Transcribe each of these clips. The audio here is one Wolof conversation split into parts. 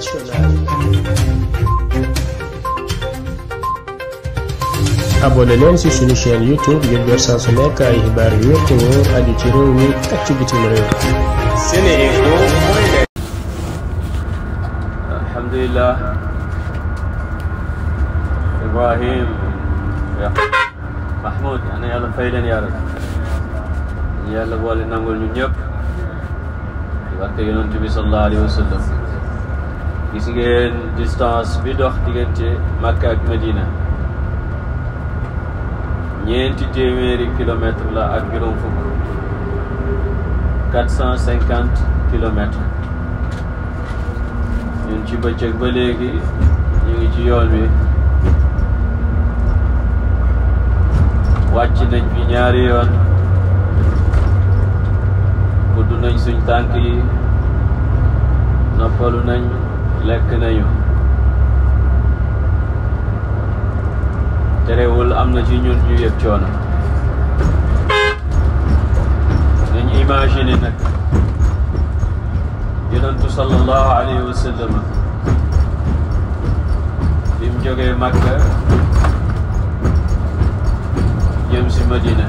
internationale. abonné leen ci suñu chaîne youtube ngir jot saa su nekk ay xibaar yu wér te wóor aju ci réew mi ak ci bitim réew. SeneInfo. alhamdulilah. Ibrahim. Mahmoud ana yàlla fay leen yaa rabbi. yàlla boole nangul ñun ñëpp. barke yonent bi sallallahu alayhi wa sallam gis ngeen distance bi dox diggante Makka ak Medina ñeenti téeméeri kilomètre la ak juróom fukk quatre cent cinquante kilomètres ñun ci bëccëg ba léegi ñu ngi ci yoon wi wàcc nañ fi ñaari yoon gudd nañ suñ tànk yi noppalu nañ lekk nañu terewul am na ci ñun ñu yëg coono nañ imaginer nag yonentu sallallahu alayhi wa sallam bi mu jógee Makka jëm si Madina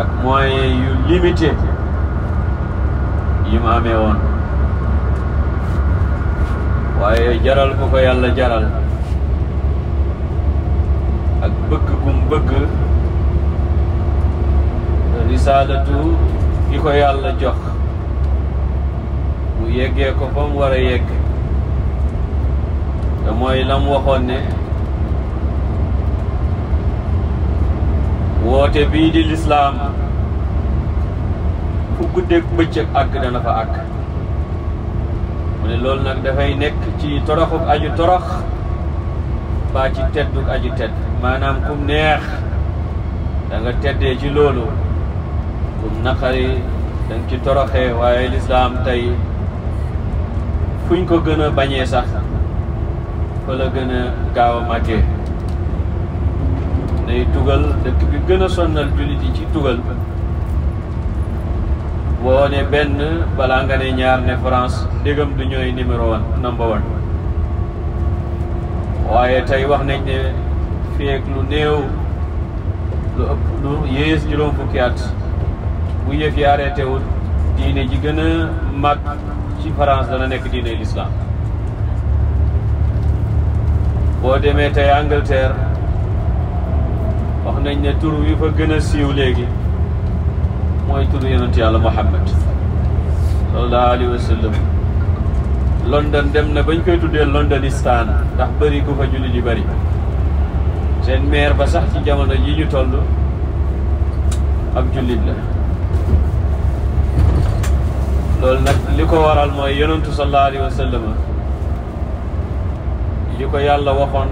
ak moyen yu limité yi ma amee woon waaye jaral ko ko yàlla jaral ak bëgg gum bëgg risaalatu gi ko yàlla jox mu yeggee ko fa mu war a yegg te mooy lam waxoon ne woote bii di lislaam guddeeg bëccëg àkk dana fa àkk mu ne loolu nag dafay nekk ci toroxuk aju torox baa ci tedduk aju tedd maanaam kum neex danga nga teddee ci loolu kum naqari da ci toroxee waaye lislaam tey fuñ ko gën a bañee sax fa la gën a gaaw a màggee day tugal dëkk bi gën a sonnal jullit ci tugal boo ne benn balaa nga ne ñaar ne France ndégam du ñooy numéro one number one waaye tey wax nañ ne feek lu néew lu ëpp lu yées juróom fukki at bu yëf yi arrêté wul diine ji gën a mag ci France dana nekk diine l'islam boo demee tey Angleterre wax nañ ne turu wi fa gën a siiw léegi mooy turu yonent yàlla Muhammad sallallahu alayhi wa sallam London dem na bañ koy tuddee Londonistan ndax bëri ku fa julli di bëri seen maire ba sax ci jamono ji ñu toll ab jullit la loolu nag li ko waral mooy yonentu sallallahu alayhi wa li ko yàlla waxoon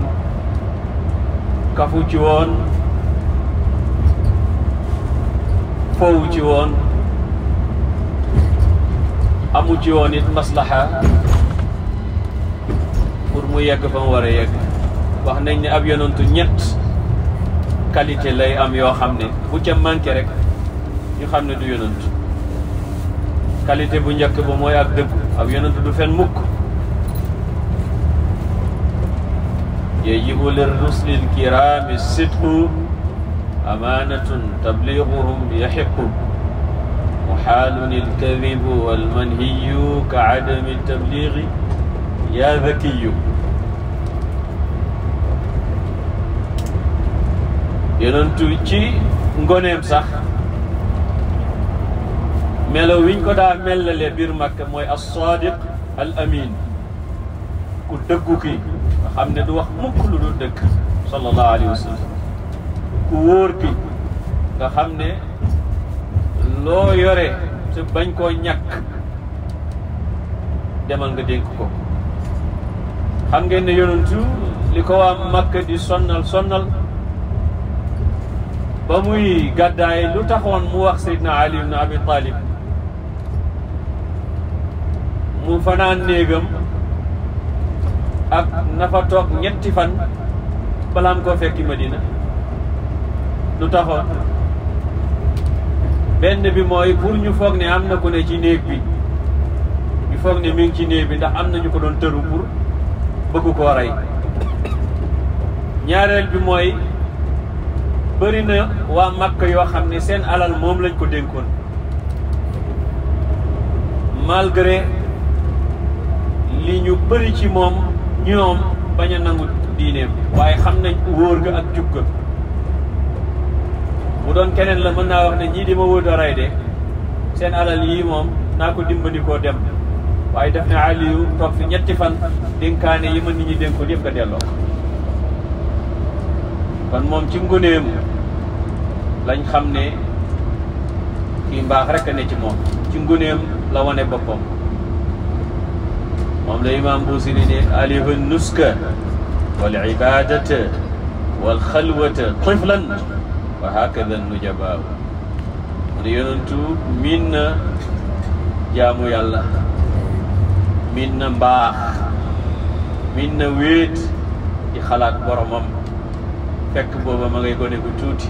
kafu ci woon foowu ci woon amu ci woon it maslaha pour mu yegg fa mu war a yegg wax nañ ne ab yonantu ñett qualité lay am yoo xam ne bu ca manqué rek ñu xam ne du yonantu qualité bu njëkk ba mooy ak dëggu ab yonantu du fen mukk yajibu lir rusulil kirami sidqu amaanatun tabliiguhum yaxiqu muxaalun ilkadibu walmanhiyu ka adami tabliigi yaa dakiyu yonentu ci ngoneem sax melo wiñ ko daa mellale biir Makka mooy as-saadiq al amin ku dëggu ki nga xam ne du wax mukk lu dul dëgg sallallahu alayhi wa sallam ku wóor ki nga xam ne loo yore te bañ koo ñàkk demal nga dénk ko xam ngeen ne yonentu li ko waa Makka di sonnal sonnal ba muy gàddaay lu taxoon mu wax Seydina Ali ibn Abi Talib mu fanaan néegam ak nafa toog ñetti fan balaam koo fekki Madina lu taxoo benn bi mooy pour ñu foog ne am na ko ne ci néeg bi ñu foog ne mi ngi ci néeg bi ndax am na ñu ko doon tëru pour bëggu koo rey ñaareel bi mooy bari na waa Makka yoo xam ne seen alal moom lañ ko dénkoon malgré li ñu bari ci moom ñoom bañ a nangu diineem waaye xam nañ wóor ga ak jub ga bu doon keneen la mën naa wax ne ñii di ma wóot a rey de seen alal yii moom naa ko dimbandikoo dem waaye def ne Aliyu toog fi ñetti fan dénkaane yi ma ñu ñi dénkoon yëpp nga delloo kon moom ci ngoneem lañ xam ne kii mbaax rek a ne ci moom ci ngoneem la wane boppam moom la imaam Buusiri ne alihu nuska wal ibadata wal xalwata tiflan wa hakada nujabaa mu ne yonentu miin na jaamu yàlla miin na mbaax miin na wéet di xalaat boromam fekk booba ma ngay gone gu tuuti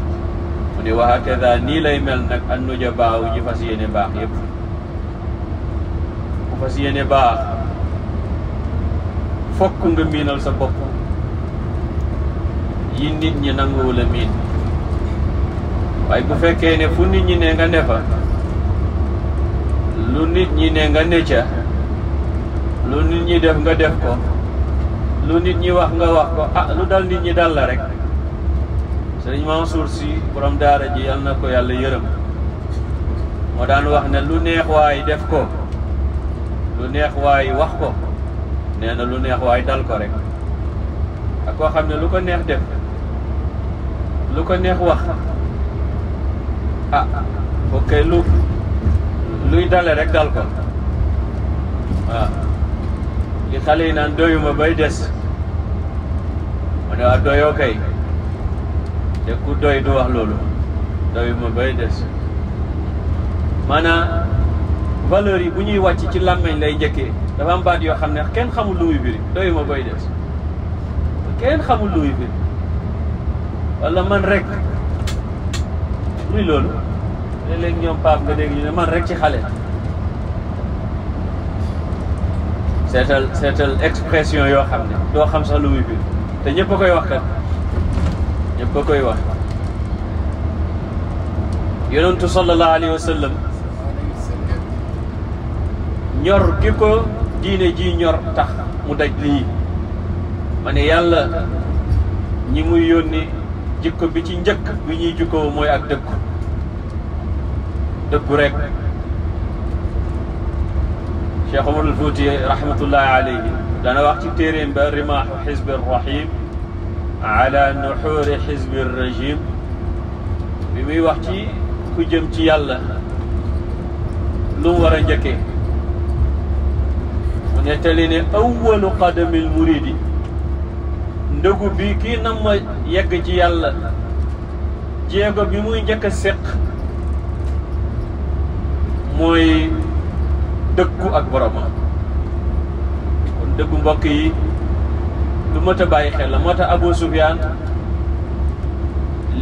mu ne wa hakada nii lay mel nag an nujabaa ñi fas yéene baax yépp ku fas yéene baax fokk nga miinal sa bopp yi nit ñi nanguwul a miin waaye bu fekkee ne fu nit ñi ne nga ne fa lu nit ñi ne nga ne ca lu nit ñi def nga def ko lu nit ñi wax nga wax ko ah lu dal nit ñi dal la rek sëriñ suur si borom daara ji yal na ko yàlla yërëm moo daan wax ne lu neex waaye def ko lu neex waay wax ko nee na lu neex waay dal ko rek ak koo xam ne lu ko neex def lu ko neex wax a ah, ah, ah. ok lu luy dale rek dal ko waaw li xale yi naan doyuma bay des ma ne waa doyoo kay ku doy du wax loolu doyuma bay des maanaam valeurs yi bu ñuy wàcc ci làmmeñ lay njëkkee dafa am baat yoo xam ne kenn xamul lu muy biri doyuma bay des kenn xamul lu biri walla man rek depuis loolu léeg-léeg ñoom Pape nga dégg ñu ne man rek ci xale. seetal seetal expression yoo xam ne doo xam sax lu muy te ñëpp a koy wax kat ñëpp a koy wax yonentu sallallahu alayhi wa ñor gi ko diine ji ñor tax mu daj lii ma ne yàlla ñi muy yónni jikko bi ci njëkk bi ñuy jikkoo mooy ak dëkku dëggu rek Cheikh Omar al Fouti rahmatullahi alayhi dana wax ci téeréem ba rimaahu xizbi rahim ala nuxuuri xizbi rajim bi muy wax ci ku jëm ci yàlla lu mu war a njëkkee mu nettali ne awalu qadamil muridi ndëgu bi kii nam ma yegg ci yàlla jéego bi muy njëkk a séq mooy dëggu ak boromam kon dëggu mbokk yi lu mot bàyyi xel la moo tax Abu Sufyaan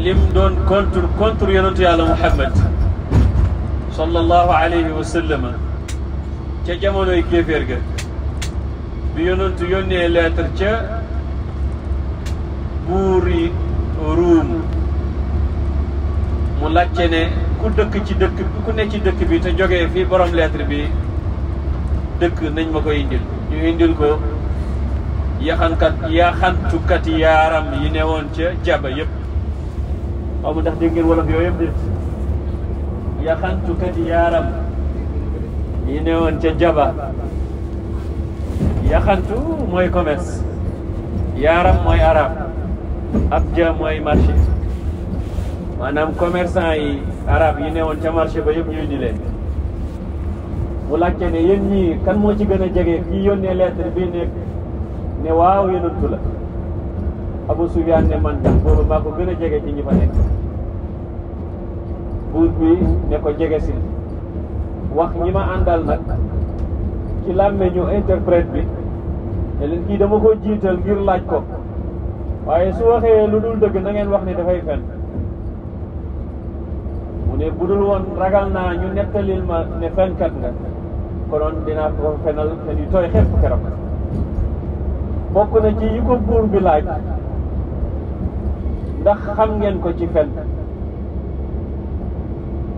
lim doon contre contre yonentu yàlla Muhammad sallallahu alayhi wa sallam ca jamonoy kéeféer ga bi yonentu yónnee lettre ca buuri ruum mu laajte ne ku dëkk ci dëkk ku ne ci dëkk bi te jógee fii borom lettre bi dëkk nañ ma ko indil ñu indil ko yaxankat yaxantukat yaram yi ne woon ca jaba yëpp xaw ma ndax dégg ngeen wolof yooyu yëpp déet ne woon ca jaba yaxantu mooy commerce yaaram mooy arab ab ja mooy marché maanaam commerçant yi arab yi newoon ca marché ba yëpp ñuy ni leen mu laajte ne yéen ñii kan moo ci gën a jege kii yónnee lettre bii nekk ne waaw yonantu la Abu Sufyaan ne man tam boobu maa ko gën a jege ci ñi fa nekk bi ne ko jege si wax ñi ma àndal nag ci làmme ñu interprète bi en leen kii dama ko jiital ngir laaj ko waaye su waxee lu dul dëgg na ngeen wax ni dafay fen mu ne budul woon ragal naa ñu nettalil ma ne fenkat nga konoon dinaa ko fenal fen yu tooy xepp keroog bokk na ci yi ko buur bi laaj ndax xam ngeen ko ci fen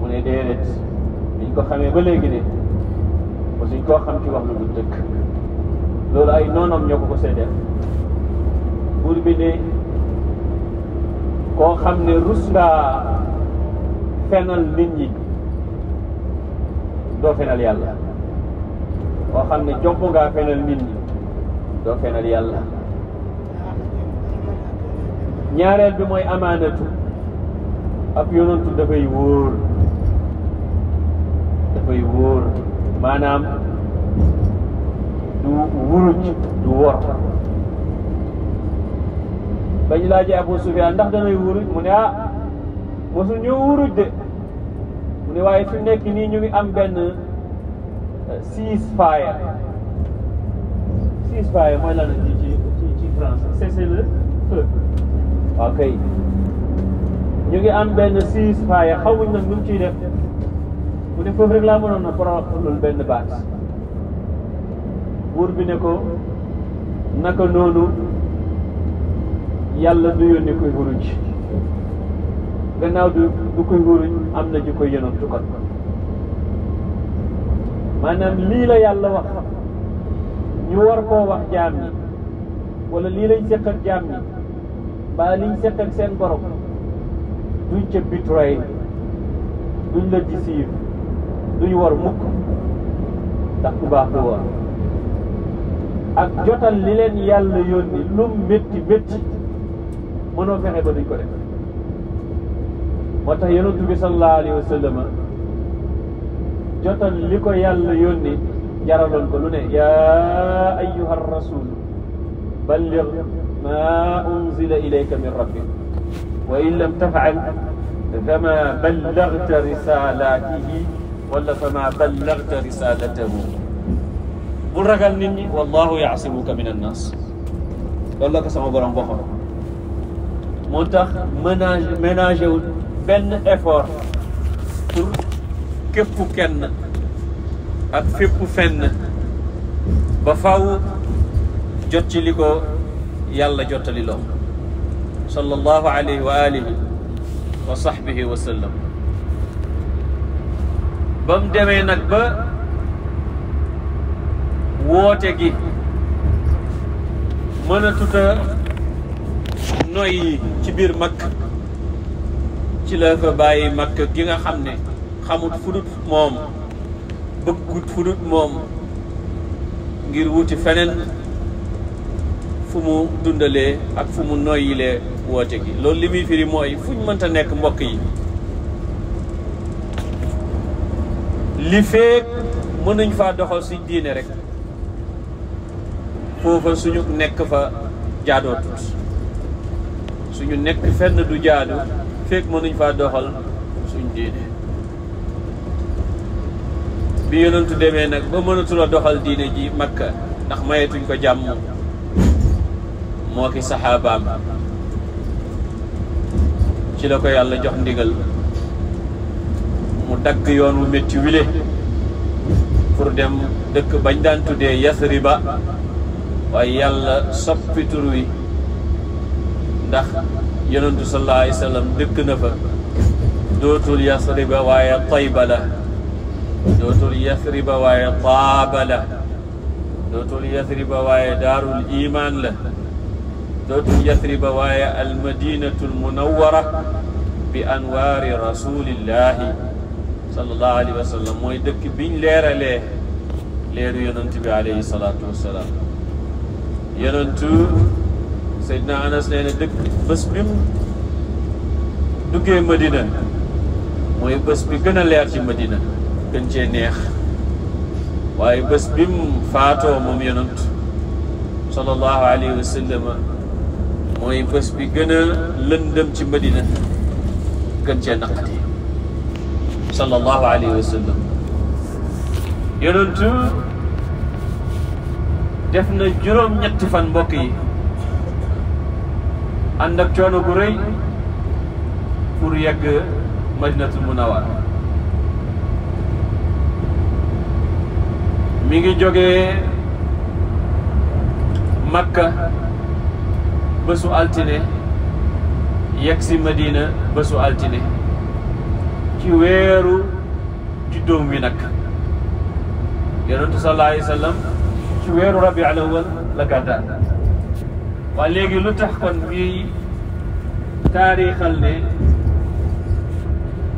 mu ne déedéet biñ ko xamee ba léegi de mosuñ koo xam ci wax lu dul dëkk loolu ay noonam ñoo ko ko seedeel buur bi ne koo xam ne rus ngaa fenal nit ñi doo fenal yàlla koo xam ne jomb ngaa fenal nit ñi doo fenal yàlla ñaareel bi mooy amaanatu ab yonantu dafay wóor dafay wóor maanaam du wuruj du wor bañ laajee Abu Sufyaan ndax danay wuruj mu ne ah mosul ñëw wuruj de mu ne waaye fi nekk nii ñu ngi am benn eh, cease fire cease fire mooy lan ci ci ci français cessez le feu waaw kay ngi am benn cease fire xawuñ nag nu mu ciy def mu ne foofu rek laa mënoon na proxlul benn baat buur bi ne ko naka noonu yàlla du yónni koy huruj gannaaw du du koy wóoruñ am na ji koy yonantu kon maanaam lii la yàlla wax ñu war koo wax jaam ñi wala lii lañ seq ak jaam ni mbaa liñ seq ak seen borom duñ ca bitroy duñ la disiir duñ war mukk ndax ku baax war ak jotal li leen yàlla yónni lum métti métti mënoo fexe ba duñ ko def moo tax yonent bi sallallahu alayhi wa sallam jotoon li ko yàlla yónni jaraloon ko lu ne yaa ayyuha rasul balligh ma unzila ilayka min rabbik wa in lam tafal fama ballagta risalatihi wala fama ballagta risalatahu bul ragal nit ñi wallahu yaasimuka min annas loolu la ko sama borom waxoon moo tax ménage ménage wul benn effort pour képp kenn ak fépp fenn ba faw jot ci li ko yàlla jottali loo sallallahu alayhi wa alihi wa sahbihi wa sallam ba mu demee nag ba woote gi mën tuta noyyi ci biir Makka ci la fa bàyyi makka gi nga xam ne xamut fudut moom bëggut fudut moom ngir wuti feneen fu mu dundalee ak fu mu noyyilee woote gi loolu li muy firi mooy fuñ mënta nekk mbokk yi li feek mën nañ fa doxal si diine rek foofa suñu nekk fa jaadootut suñu nekk fenn du jaadu fekk mënuñ faa doxal suñ diine bi yonentu demee nag ba mënatula doxal diine ji makka ndax mayetuñ ko jàmm moo ki saxaabaam ci la ko yàlla jox ndigal mu dagg yoon wu métti wile pour dem dëkk bañ daan tuddee yasriba waaye yàlla soppi tur wi ndax yonentu sallallahu alayhi wa sallam dëkk na fa dootul yasriba waaye tayba la dootul yasriba waaye taaba la dootul yasriba waaye daarul imaan la dootul yasriba waaye almadinatul munawwara bi anwaari rasulillahi sallallahu alayhi wa sallam mooy dëkk biñ leeralee leeru yonent bi alayhi salaatu wassalaam yonentu Seydina Anas nee na dëkk bés bi mu duggee Madina mooy bés bi gën a leer ci Madina gën cee neex waaye bés bi mu faatoo moom yonant sallallahu alayhi wa mooy bés bi gën lëndëm ci Madina gën cee naqati sallallahu alayhi wa sallam yonantu def na juróom-ñetti fan mbokk yi ànd ak coono gu rëy pour yegg madinatul munawwara mi ngi jógee makka bésu altine yegg si madina bésu altine ci weeru juddoom wi nag yonentu sallallahu alayhi wa ci weeru rabi al awwal la gàddaa waa léegi lu tax kon ñuy taarixal ne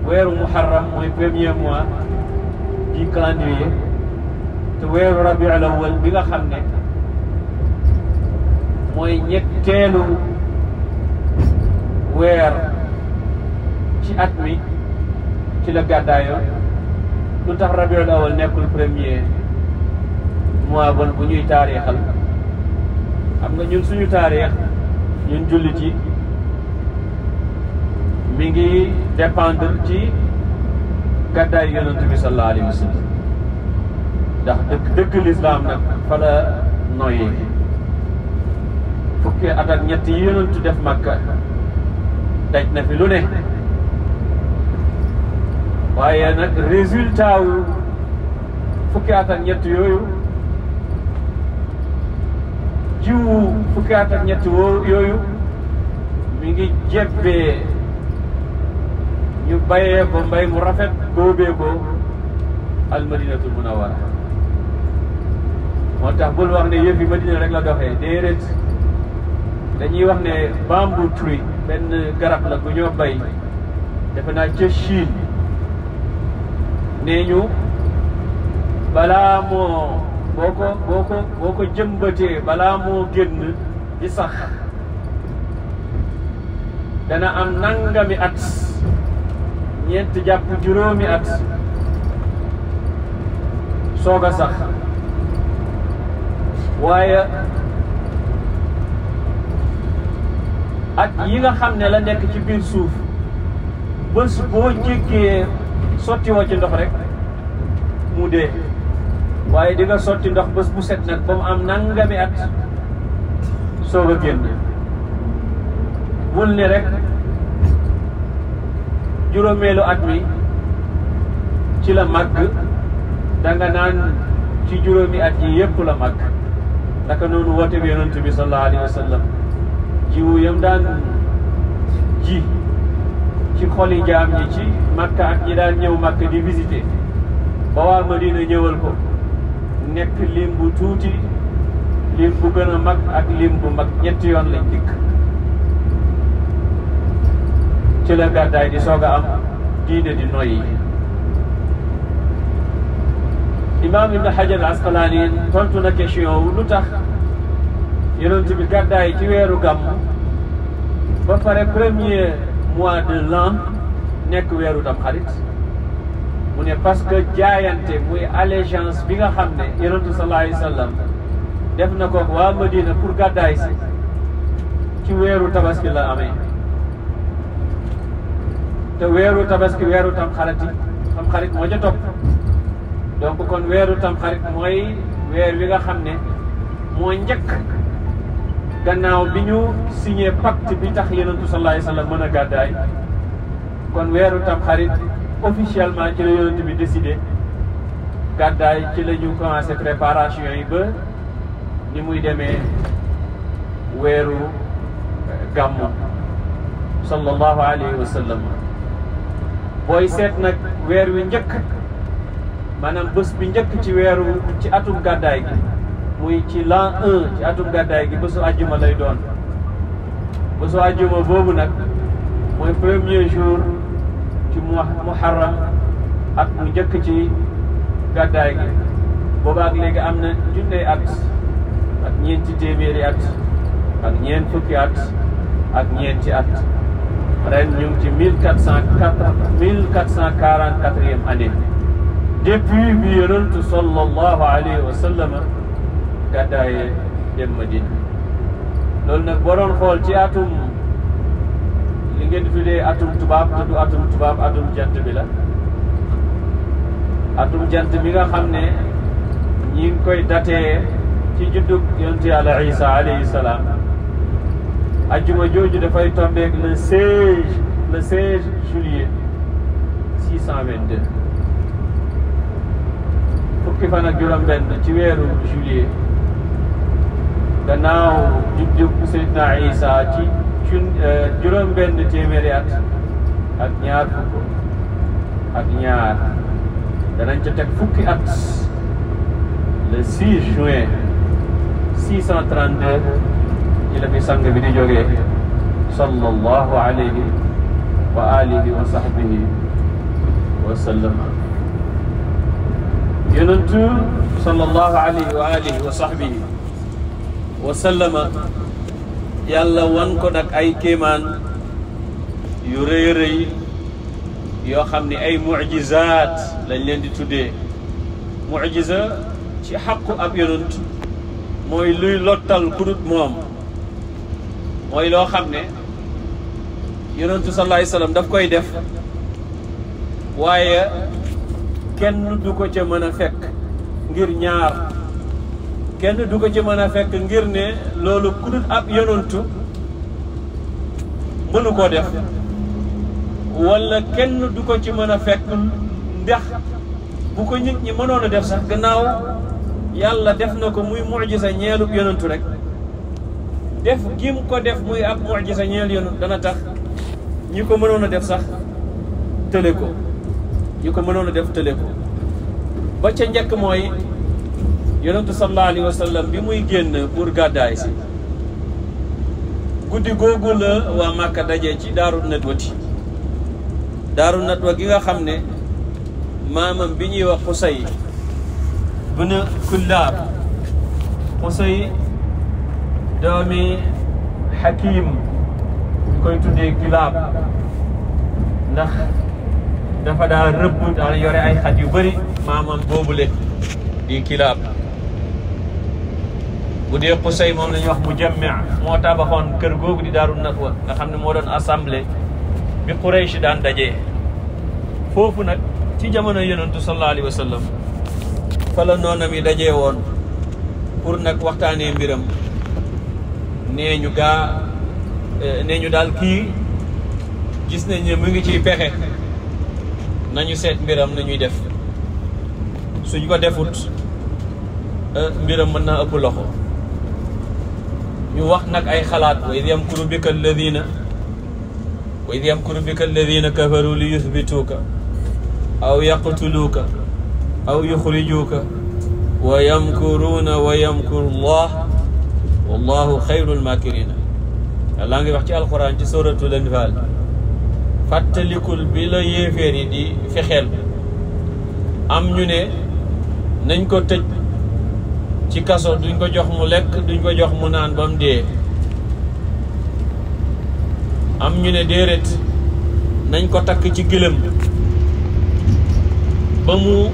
weeru muharram mooy premier mois du calendrier te weeru rabiul awwal bi nga xam ne mooy ñetteelu weer ci at mi ci la gàddaayoo lu tax rabiul awwal nekkul premier mois bon bu ñuy taarixal xam nga ñun suñu taarix ñun jullit yi mi ngi dépendre ci gàddaay yonent bi sallallahu alayhi wa ndax dëkk dëkk lislaam nag fa la noyyi fukki at ak ñett yi def Makka daj na fi lu ne waaye nag résultat fukki at ak ñett yooyu jiwu fukki at ak ñett woo yooyu mi ngi jebbee ñu bayee ko mbay mu rafet boobee ko almadinatul munawara moo tax bul wax ne yëf yi madina rek la doxee déedéet dañuy wax ne bambou tree benn garab la bu ñoo bay defe naa ca nee ñu balaa moo boo ko boo ko boo ko jëmbatee balaa moo génn di sax dana am nangami at ñeent jàpp juróomi at soog a sax waaye at yi nga xam ne la nekk ci biir suuf bés boo jékkee sotti woo ci ndox rek mu dee waaye dinga sotti ndox bés bu set nag ba mu am nangami at soog a génn bul ni rek juróomeelu at mi ci la màgg da nga naan ci juróomi at yi yëpp la màgg naka noonu woote bi yonent bi sallallahu alayhi wa sallam jiwu yam daan ji ci xoli jaam ñi ci Makka ak ñi daan ñëw Makka di visiter ba waa Madina ñëwal ko nekk lim tuuti lim bu gën mag ak lim bu mag ñetti yoon lañ dikk ci la gàddaay di soog a am diine di noyyi imaam ibn hajar asqalaani tontu na question wu lu tax yonent bi gàddaay ci weeru gàmmu ba pare premier mois de nekk weeru tam mu ne parce que jaayante muy allégeance bi nga xam ne yonentu sallallahu alayhi def na ko waa Madina pour gàddaay si ci weeru tabaski la amee te weeru tabaski weeru tam xarit tam moo ca topp kon weeru tam xarit mooy weer wi nga xam ne moo njëkk gannaaw bi ñu signé pacte bi tax yonentu sallallahu alayhi mën a gàddaay kon weeru tam xarit officiellement ci la yonent bi décidé gàddaay ci la ñu commencé préparation yi ba ni muy deme weeru gàmmu sallallahu alayhi wa booy seet nag weer wi njëkk maanaam bés bi njëkk ci weeru ci atum gàddaay gi muy ci l'an un ci atum gàddaay gi bésu àjjuma lay doon bésu àjjuma boobu nag mooy premier jour ci muharram ak mu njëkk ci gàddaay gi boobaak léegi am na junney at ak ñeenti téeméeri at ak ñeent fukki at ak ñeenti at ren ñu ngi ci mille quatre cent quatre mille cent quarante quatrième année depuis bi yonentu sallallahu alayhi wa sallam gàddaayee Madina loolu nag boo doon xool atum ngeen di atum tubaab te atum tubaab atum jant bi la atum jant bi nga xam ne ñi koy datee ci juddug yontu yàlla isa alayhi salaam ajjuma jooju dafay tombeeg le 16 le 16 juillet 622 fukki fan ak juróom-benn ci weeru juillet gannaaw juddug Seydina Isa cun juróom benn téeméeri at ak ñaar fukk ak ñaar danañ ca teg fukki at le 6 juin 632 ci la fi sang bi di jógee sallallahu alayhi wa alihi wa sahbihi wa sallam yonentu sallallahu alayhi wa alihi wa sahbihi wa sallama yàlla wan ko nag ay kéemaan yu rëy rëy yoo xam ni ay mujizaat lañ leen di tuddee mujiza ci xàqu ab yonent mooy luy lottal kudut moom mooy loo xam ne yonentu sallallahu alayhi daf koy def waaye kenn du ko ca mën a fekk ngir ñaar kenn du ko ci mën a fekk ngir ne loolu ku dul ab yonantu mënu koo def wala kenn du ko ci mën a fekk ndax bu ko nit ñi mënoon def sax gannaaw yàlla def na ko muy mujisa ñeelub yonantu rek def gim ko def muy ab mujisa ñeel yonantu dana tax ñi ko mënoon a def sax tële ko ñi ko mënoon a def tële ko ba ca njëkk mooy yonentu sallallahu alayhi wa sallam bi muy génn pour gàddaay si guddi googu la waa Màkka daje ci daaru nadwati daaru nadwa gi nga xam ne maamam bi ñuy wax Xusay bun Kullaab Xusay doomi Hakim koy tuddee Kilaab ndax dafa daal rëbb daal yore ay xat yu bëri maamam boobu le di Kilaab bu dee xusay moom la ñuy wax mu jamme moo tabaxoon kër googu di nag natwa nga xam ne moo doon assemblée bi Quraysh daan dajee foofu nag ci jamono yonentu sallallahu alayhi wa sallam fa la noonam yi dajee woon pour nag waxtaanee mbiram nee ñu gaa eh, nee ñu daal kii gis nañ ne mu ngi ciy pexe nañu seet mbiram na ñuy def suñ ko defut eh, mbiram mën na ëpp loxo ñu wax nag ay xalaat wa id yamkuru bika alladina wa id yamkuru bika alladina kafaru li yuthbituuka aw yaqtuluuka aw yuxrijuuka wa yamkuruuna wa yamkuru llah wallahu xayrul makirina yàlla ngi wax ci alquran ci suratul anfal fàttalikul bi la yéeféer yi di fexeel am ñu ne nañ ko tëj ci kaso duñ ko jox mu lekk duñ ko jox mu naan ba mu am ñu ne déedéet nañ ko takk ci gëlëm ba mu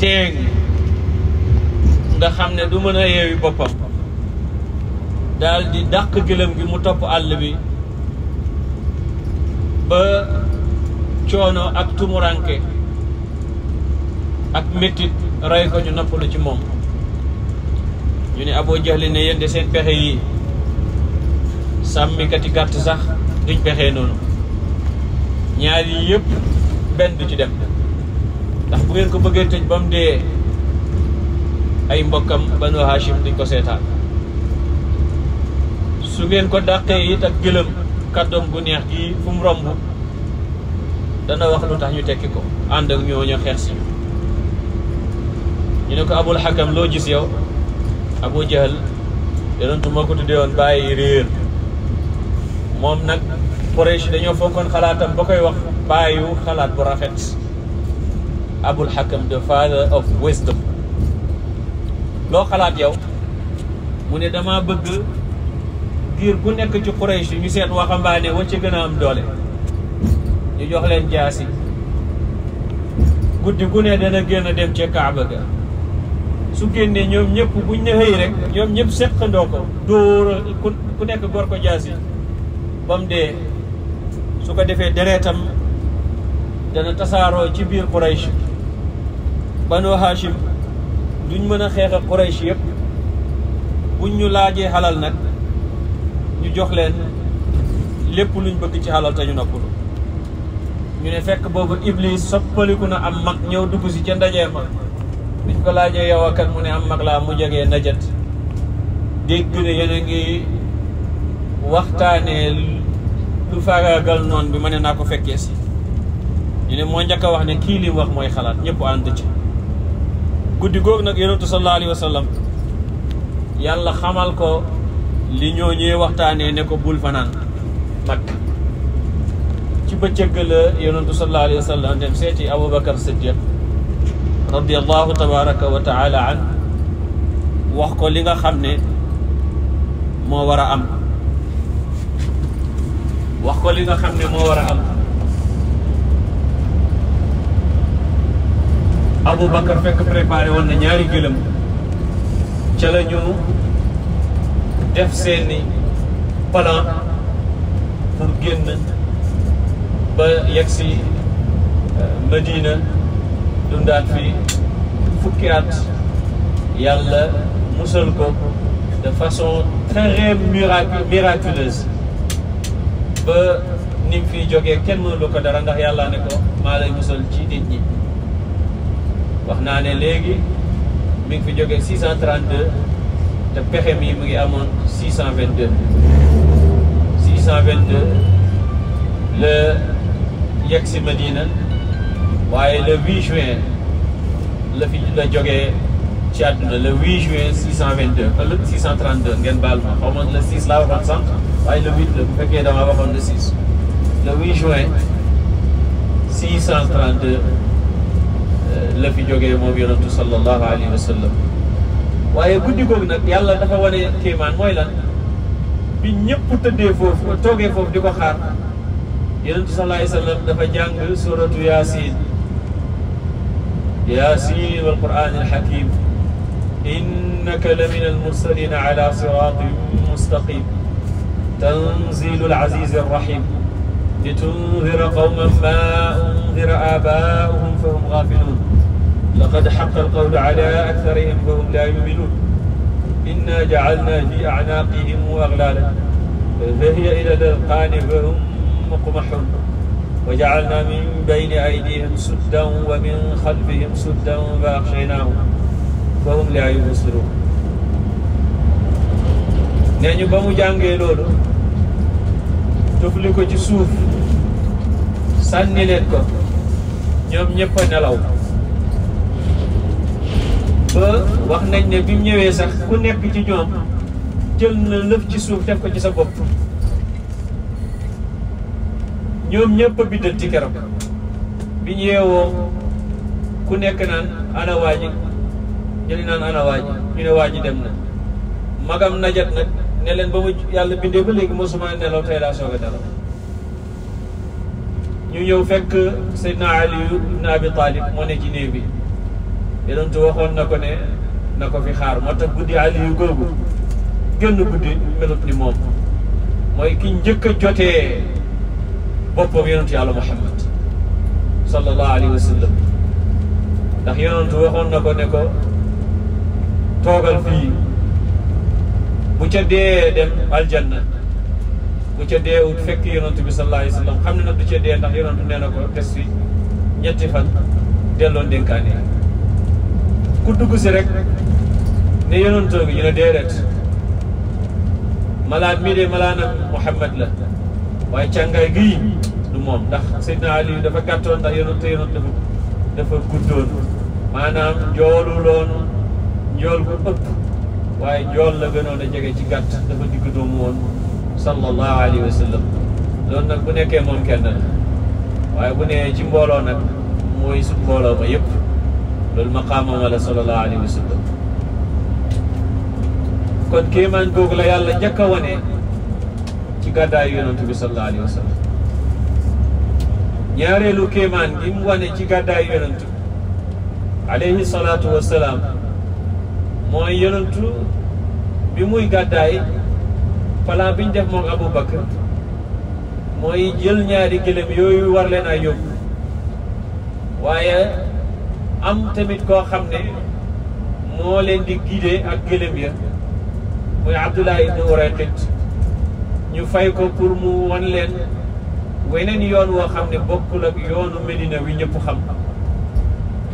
teeg nga xam ne du mën a yeewi boppam daal dàq gëlëm gi mu topp àll bi ba coono ak tumuranke ak méttit rey ko ñu noppalu ci moom ñu ne aboo Jahl ne yenn de seen pexe yi sàmmikati gàtt sax duñ pexe noonu ñaar yi yëpp benn du ci dem ndax bu ngeen ko bëggee tëj ba mu dee ay mbokkam Banu Hashim duñ ko seetaan su ngeen ko dàqee yi ak gëlëm kàddoom gu neex gi fu mu romb dana wax lu tax ñu tekki ko ànd ak ñoo ñu xeex si ñu ne ko Abul Hakam loo gis yow Abu Jahal yonentu moo ko tuddee woon bàyyi réer moom nag Quraysh dañoo foogoon xalaatam ba koy wax bàyyu xalaat bu rafet Abul Hakam the father of wisdom loo xalaat yow mu ne dama bëgg giir bu nekk ci Quraysh ñu seet waxambaane wa ci gën a am doole ñu jox leen jaasi guddi gu ne dana génn dem ca Kaaba ga su génnee ñoom ñëpp buñ ne xëy rek ñoom ñëpp seqandoo ko dóor ku nekk gor ko jaasi ba mu dee su ko defee deretam dana tasaaroo ci biir Quraysh Banu Hashim duñ mën a xeex ak Quraysh yëpp buñ ñu laajee xalal nag ñu jox leen lépp luñ bëgg ci xalal te ñu noppalu ñu ne fekk boobu Iblis soppaliku na am mag ñëw dugg si ca ndaje ma biñ ko laajee yow akan mu ne am mag laa mu jógee najat dégg ne yéen a ngi waxtaanee lu faagaagal noonu bi ma ne naa ko fekkee si ñu ne moo njëkk a wax ne kii li wax mooy xalaat ñëpp ànd ci guddi googu nag yonentu sallallahu alayhi wa sallam yàlla xamal ko li ñoo ñuy waxtaanee ne ko bul fanaan mag ci bëccëg la yonentu sallallahu alayhi wa sallam dem seeti Aboubacar Siddiq radiallahu tabaraka ko li nga xam ne moo war a am wax ko li nga xam ne moo war a am Abu Bakar fekk préparé woon ñaari gëlëm ca la ñu def seeni plan pour génn ba yegg si euh, dundaat fi fukki at yàlla musal ko de façon très miraculeuse ba ni mu fiy jógee kenn mënulu ko dara ndax yàlla ne ko maa lay musal ci nit ñi wax naa ne léegi mi ngi fi jógee 632 te pexe mi mu ngi amoon cent 622 622 la yegg si Madina waaye le 8 juin la fi la jógee ci àdduna le 8 juin 622 ëllëg 632 ngeen baal ma xaw ma le 6 laa waxoon sànq waaye le 8 la bu fekkee dama waxoon le 6 le 8 juin 632 euh, la fi jógee moom yonentu sallallahu alayhi wa waaye guddi googu nag yàlla dafa wane kéemaan mooy lan bi ñëpp tëddee foofu toogee foofu di ko xaar yonentu sallallahu alayhi wa sallam dafa jàng suratu ياسين والقرآن الحكيم إنك لمن المرسلين على صراط مستقيم تنزيل العزيز الرحيم لتنذر قوما ما أنذر آباؤهم فهم غافلون لقد حق القول على أكثرهم فهم لا يؤمنون إنا جعلنا في أعناقهم أغلالا فهي إلى الأذقان فهم مقمحون وجعلنا من بين أيديهم سدا ومن خلفهم سدا فأغشيناهم فهم laa yubsiruun nee ñu ba mu jàngee loolu tufli ko ci suuf sànni leen ko ñoom ñëpp a nelaw ba wax nañ ne bi mu ñëwee sax ku nekk ci ñoom jël na lëf ci suuf def ko ci sa bopp ñoom ñëpp a biddanti keroog bi ñu yeewoo ku nekk naan ana waa ji ñu naan ana waa ji ñu ne waa ji dem na magam najat nag ne ba mu yàlla bindee ba léegi mosuma nelaw tey laa soog a dalaw ñu ñëw fekk Seydina Ali ibn Abi Talib moo ne ci néeg bi yonentu waxoon na ko ne na ko fi xaar moo tax guddi Aliyu googu gënn guddi melut ni moom mooy ki njëkk a jotee boppam yonent yàlla Muhammad sallallahu alayhi wa sallam ndax yonent waxoon na ko ne toogal fii bu ca dee aljanna bu ca dee ut fekk yonent bi sallallahu alayhi wa sallam xam ne nag du ca dee ndax yonent nee na ko des fi ñetti fan delloo ndénkaane ku dugg si rek ne yonentoo gi ñu ne déedéet malaat mii de Muhammad la waaye càngaay gi du moom ndax Seydina Aliou dafa gàttoon ndax yonent te yonent dafa dafa guddoon maanaam njoolu loon njool waaye njool la gënoon a jege ci gàtt dafa digg doomu woon sallallahu alayhi wa sallam loolu nag bu nekkee moom kenn waaye bu nee ci mbooloo nag mooy su mbooloo ma yëpp loolu maqaamam la sallallahu alayhi wa sallam kon kéemaan googu la yàlla njëkk gàddaayu yonent bi sallallahu alayhi wa sallam ñaareelu kéemaan gi mu wane ci gàddaayu yonent bi alayhi salaatu wa salaam mooy yonent bi muy gàddaay plan def moom Abu Bakar mooy jël ñaari gëlëm yooyu war leen a yóbbu waaye am tamit koo xam ne moo leen di guider ak gëlëm ya muy Abdullah ibn Urayqit ñu fay ko pour mu won leen ni yoon woo xam ne bokkul ak yoonu Medina wi ñëpp xam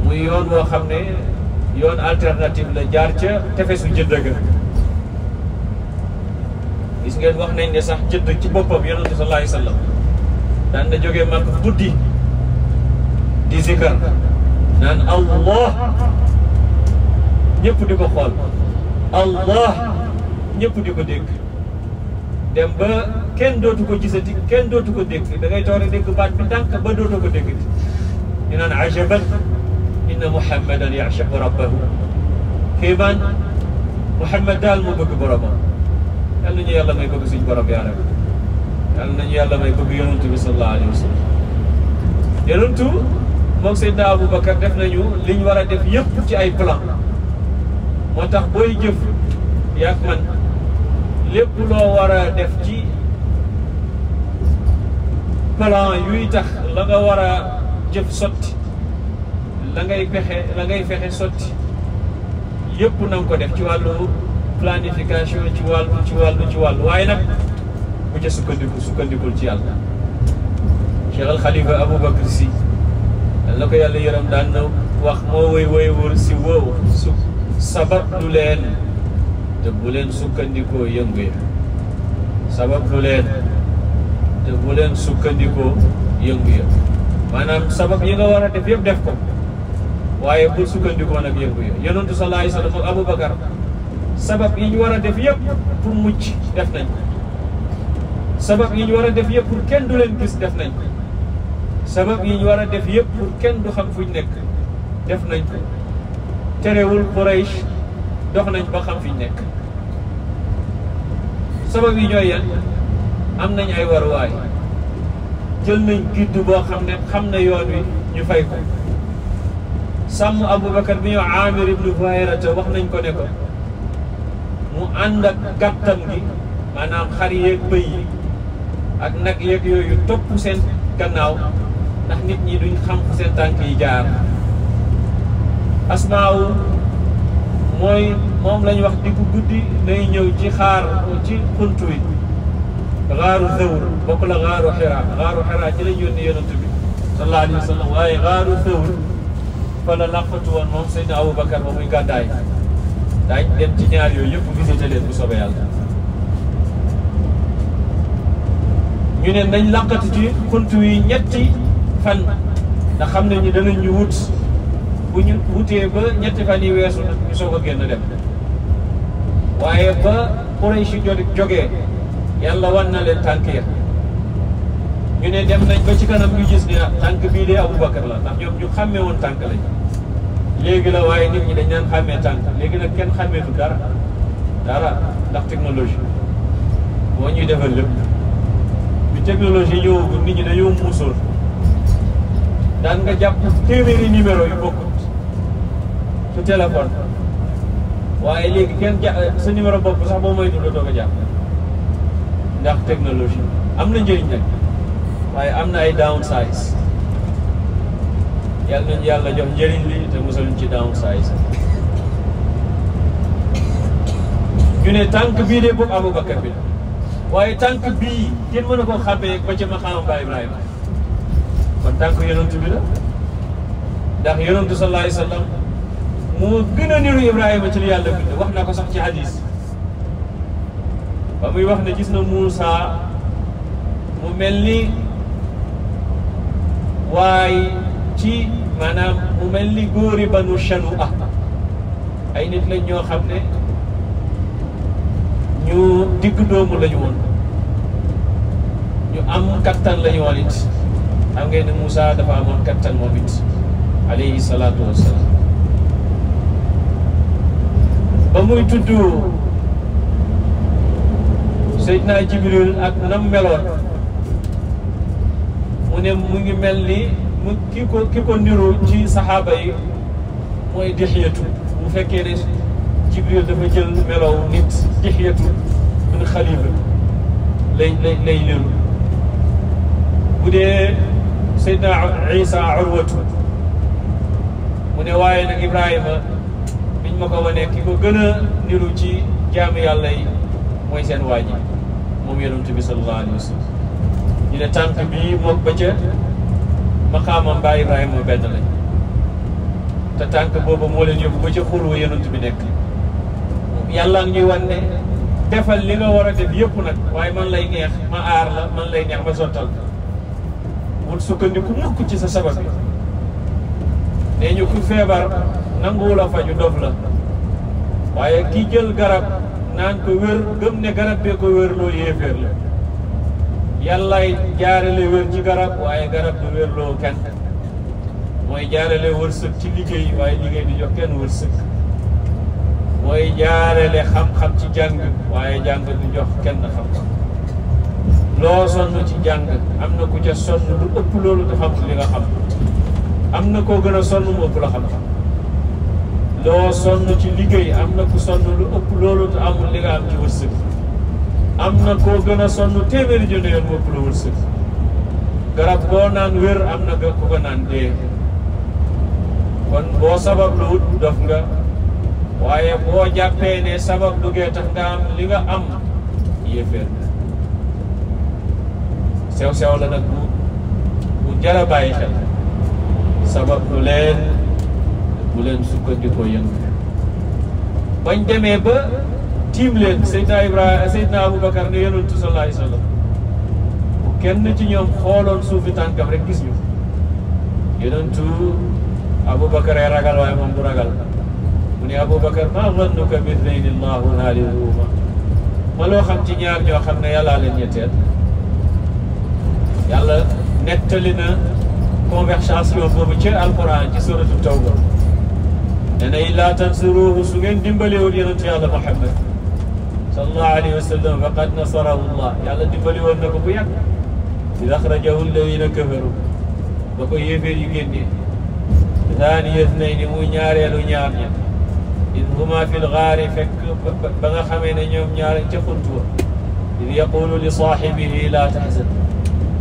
muy yoon woo xam ne yoon alternative la jaar ca tefesu jëdd ga gis ngeen wax nañ ne sax jëdd ci boppam yonent bi sallallahu alayhi wasallam daan na jógee mag guddi di zikar naan allah ñëpp di ko xool allah ñëpp di ko dégg dem ba kenn dootu ko gisati kenn dootu ko dégg da ngay toog a dégg baat bi tànk ba dootoo ko déggati ñu naan ajaban inna muhammadan yachabu rabbahu kéemaan muhammad daal moo bëgg boromam yal nañu yàlla may bëgg suñ borom yaa rabbi yal nañu yàlla may bëgg yonantu bi sallallahu alayhi wa sallam yonantu moom Seydina Aboubacar def nañu liñ war a def yëpp ci ay plan moo tax booy jëf yaag man lépp loo war a def ci plan yuy tax la nga war a jëf sotti la ngay fexe la ngay fexe sotti yëpp na ko def ci wàllu planification ci wàllu ci wàllu ci waaye nag bu ca sukkandiku sukkandikul ci yàlla Cheikh al Khalifa Aboubacar la ko yàlla yaram daan na wax moo wëy wëy wër si woowu su sabartu leen te bu leen sukkandikoo yëngu ya sabab lu leen te bu leen sukkandikoo yëngu ya maanaam sabab yi nga war a def yëpp def ko waaye bu sukkandikoo nag yëngu ya yonentu sallallahu alayhi wa sallam Abu Bakar sabab yi ñu war a def yëpp pour mucc def nañ sabab yi ñu war a def yëpp pour kenn du leen gis def nañ sabab yi ñu war a def yëpp pour kenn du xam fuñ nekk def nañ ko terewul Quraysh dox nañ ba xam fi ñu nekk sabab yi ñooy yan am nañ ay waruwaay jël nañ gidd boo xam ne xam na yoon wi ñu fay ko sàmm Aboubacar bi ñoo Amir ibnu Buhayrata wax nañ ko ne mu ànd ak gàttam gi maanaam xar yeeg bëy yi ak nag yeeg yooyu topp seen gannaaw ndax nit ñi duñ xam fu seen tànk yi jaar asmaawu mooy moom lañ wax diggu guddi lay ñëw ci xaar ci xunt wi xaaru thawr bokk la xaaru xiraa xaaru xiraa ci lañ yónni yonent bi sallallahu alayhi wa sallam waaye xaaru thawr fa la làqatu woon moom Seydina Aboubacar ba muy gàddaay daañ dem ci ñaar yooyu yëpp visité leen bu soobee yàlla ñu ne nañ làqatu ci xunt wi ñetti fan ndax xam ne ñu danañ wut bu ñu wutee ba ñetti fan yi weesu nag ñu soog a génn dem waaye ba Quraysh jógee yàlla wan na leen tànk ya ñu ne dem nañ ba ci kanam ñu gis ne ah, tànk bii dee Aboubacar la ndax ñoom ñu xàmmee woon tànk lañ léegi la waaye nit ñi dañ naan xàmmee tànk léegi nag kenn xàmmeetu dara dara ndax technologie moo ñuy defal lépp bi technologie ñëwagul nit ñi dañoo muusoon daan nga jàpp téeméeri su téléphone waaye léegi kenn ja eh, sa numéro bopp sax boo moytu dootoo ko jàpp ndax technologie am na njëriñ nag waaye am na ay downsize yàlla nañu yàlla jox njëriñ li te musal ci ci downsize yu ne tànk bii de boobu Aboubacar bi la waaye tànk bii kenn mën a koo xàmmee ba ca maqaamam ba Ibrahima kon tànk yonent bi la ndax yonent sallallahu alayhi wa sallam moo gën a niru Ibrahima ci li yàlla bind wax naa ko sax ci hadis ba muy wax ne gis na Moussa mu mel ni waaye ci maanaam mu mel ni góori banu Shanu'a ay nit lañ ñoo xam ne ñu digg doomu lañu woon ñu am kattan lañu woon it xam ngeen ne Moussa dafa amoon kattan moom it alayhi salaatu wassalaam ba muy tudd Seydina Jibril ak nam meloon mu ne mu ngi mel ni mu ki ko ki ko niru ci saxaaba yi mooy dixiyatu bu fekkee ne Jibril dafa jël melow nit dixiyatu min xalifa lay lay lay niru bu dee Seydina Isa urwatu mu ne waaye nag Ibrahima niñ ma ko wanee ki ko gën a niru ci jaamu yàlla yi mooy seen waa ji moom yonent bi sallallahu alayhi wa sallam ñu ne tànk bii moog ba ca maqaamam Baay Ibrahima benn lañ te tànk boobu moo leen yóbbu ba ca xur wa yonent bi nekk yàlla ngi ñuy wan ne defal li nga war a def yëpp nag waaye man lay neex ma aar man lay neex ma sottal wul sukkandiku mukk ci sa sabab bi nee ñu ku feebar nanguwul a faju dof la waaye ki jël garab naan ko wér gëm ne garab bee ko wér loo yéeféer la yàllaay jaarale wér ci garab waaye garab du wér loo kenn mooy jaarale wërsëg ci liggéey waaye liggéey di jox kenn wërsëg mooy jaarale xam-xam ci jàng waaye jàng du jox kenn xam loo sonn ci jàng am na ku ca sonn lu ëpp loolu te xam li nga xam am na koo gën a sonn mu ëpp la xam-xam loo sonn ci liggéey am na ku sonn lu ëpp loolu am ci am na koo gën a sonn téeméeri junni yoon mu ëpp la wërsëg garab boo naan wér am na ku ko naan dee kon boo sabab lu wut dof nga waaye boo jàppee ne sabab lu gee tax am li nga am yéeféer nga sew la nag bu bu jara bàyyi xel sabab lu bu leen sukkandikoo yéen bañ demee ba tiim leen Seydina Ibrahima eh, Seydina Aboubacar ne yonentu sallallahu alayhi wa sallam kenn ci ñoom xooloon suufi tànkam rek gis ñu yonentu Aboubacar ay ragal waaye moom du ragal mu ne Aboubacar maa zannuka bi ithnayn allahu haliduhuma ma loo xam ci ñaar ñoo xam ne yàllaa leen ñetteel yàlla nettali na conversation boobu ci alquran ci suratu tawba nee na illaa tansuruuhu su ngeen dimbalewul yonentu yàlla Muhammad sallallahu alayhi wa sallam faqad nasarahu llah yàlla dimbali woon na ko bu yàgg id axrajahu alladina kafaru ba ko yéeféer yu génnee thaniya thnayni mu ñaareelu ñaar ña id huma fi lgaari fekk ba nga xamee ne ñoom ñaar ca xunt wa id yaqulu li saaxibihi la tahzan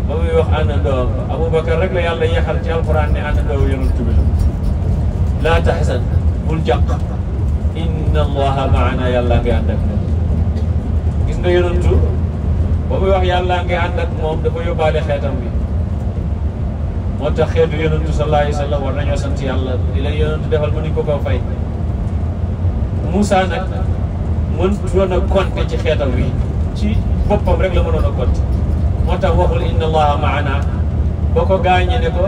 ba muy wax àndandoo Aboubacar rek la yàlla yaxal ci alquran ne àndandoo yonent bi la la tahzan bul jàq inna allaha maana yàlla ngi ànd ak moom gis nga yonantu ba muy wax yàlla ngi ànd ak moom dafa yóbbaale xeetam bi moo tax xeetu yonantu sallallahu alayhi wa sallam war nañoo sant yàlla di lay yonantu defal mënuñ ko ko fay Moussa nag mënutoon a compter ci xeetam wi ci boppam rek la mënoon a compter moo tax waxul inna allaha maana ba ko gaañee ne ko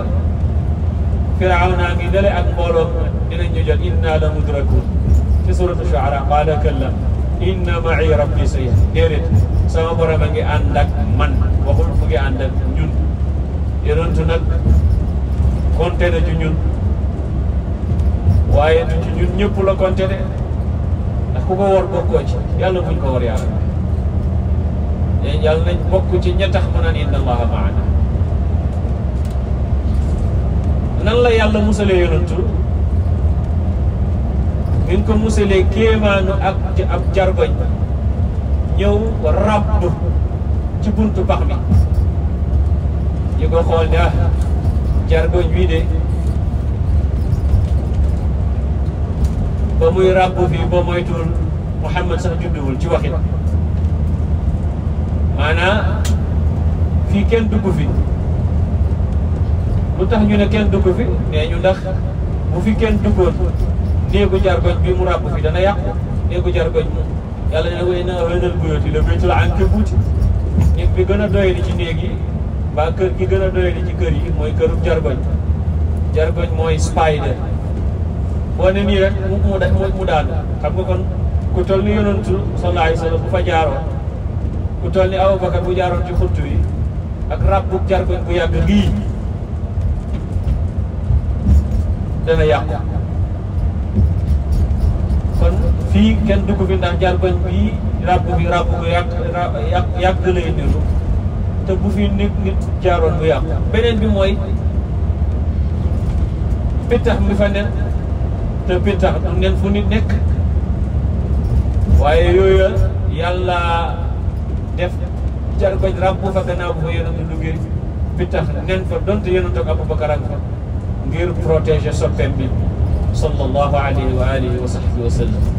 firawna ngi dale ak mbooloo dinañ la mudrakun ci suratu shuara qaala kalla inna ma'i rabbi say déedéet sama borom a ngi ànd ak man waxul mu ngi ànd ak ñun yonentu nag konte na ci ñun waaye du ci ñun ñëpp la konte ndax ku ko war bokkoo ci yàlla buñ ko war yàlla mais yàlla ci ña tax ma naan inna allaha maana nan la yàlla musalee yonentu bi ñu ko musalee kéemaanu ak ab jargoñ ñëw rabbu ci buntu pax mi ñu ko xool ne ah, jargoñ wii de ba muy rabbu fii ba moytuwul Muhammad sax judduwul ci waxin maanaam fii kenn dugg fi mu tax ñu ne kenn dugg fi mais ñu ndax bu fi kenn duggoon néegu jargoñ bi mu ràbb fi dana yàqu néegu jargoñ moom yàlla ne way na wenal buyooti la baytul ankabuuti néeg bi gën a doy doyadi ci néeg yi mbaa kër gi gën a doyadi ci kër yi mooy këru jargoñ jargoñ mooy spider boo ne nii rek mu mu daan xam nga kon ku toll ni yonantu sallallahu alayhi wa sallam bu fa jaaroon ku yi ni Abubakar bu jaaroon ci xuttu yi ak ràbbu jargoñ bu yàgg ngii dana yàqu fii kenn dugg fi ndax jaar bañ bii ràbb bi ràbb bi yàq yàq yàq lay niru te bu fi nit nit jaaroon bu yàqu beneen bi mooy pittax mi fa nen te pittax du nen fu nit nekk waaye yooyu yàlla def jaar bañ ràbb fa gannaaw bu fa yonent duggee pittax nen fa donte yonent ak Abubakar ak fa ngir protéger soppeem bi sallallahu alayhi wa alihi wa sahbihi wa sallam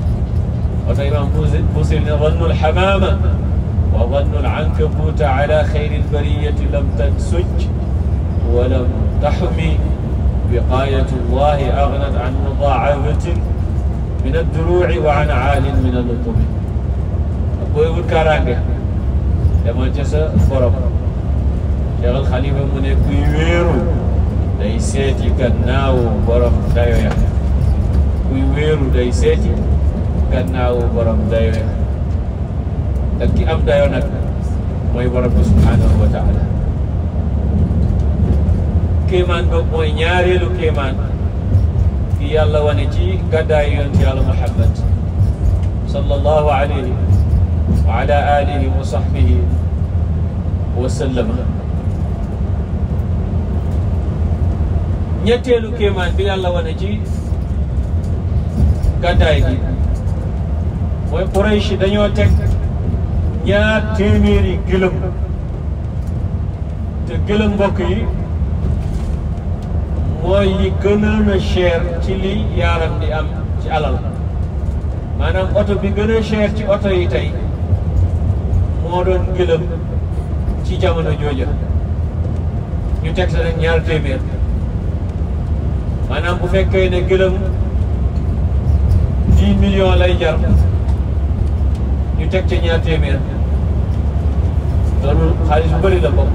moo tax imaam Busiri ne zannu alxamaama wa zannu alankabuuta ala xayri albariyati lam tansuj wa lam taxmi wiqaayatu llahi agnat an mudaacabatin min adduruuci wa an aalin min alutumi booy wut kaaraange demal ca sa borom Cheikh al Xalifa mu ne kuy wéeru day seeti gannaaw borom dayo ya kuy wéeru day seeti gannaawu borom dayo te ki am dayo nag mooy borom bi subhanahu wa taala kéemaan boobu mooy ñaareelu kéemaan ki yàlla wane ci gàddaay yonent yàlla mooy Quraysh dañoo teg ñaar téeméeri gëlëm te gëlëm mbokk yi mooy li gënoon a cher ci li yaaram di am ci alal maanaam oto bi gën a ci oto yi tey moo doon gëlëm ci jamono jooja ñu teg sa nag ñaar téeméer maanaam bu fekkee ne gëlëm dix millions lay jar ñu teg ci loolu xaalis bu bëri la bokk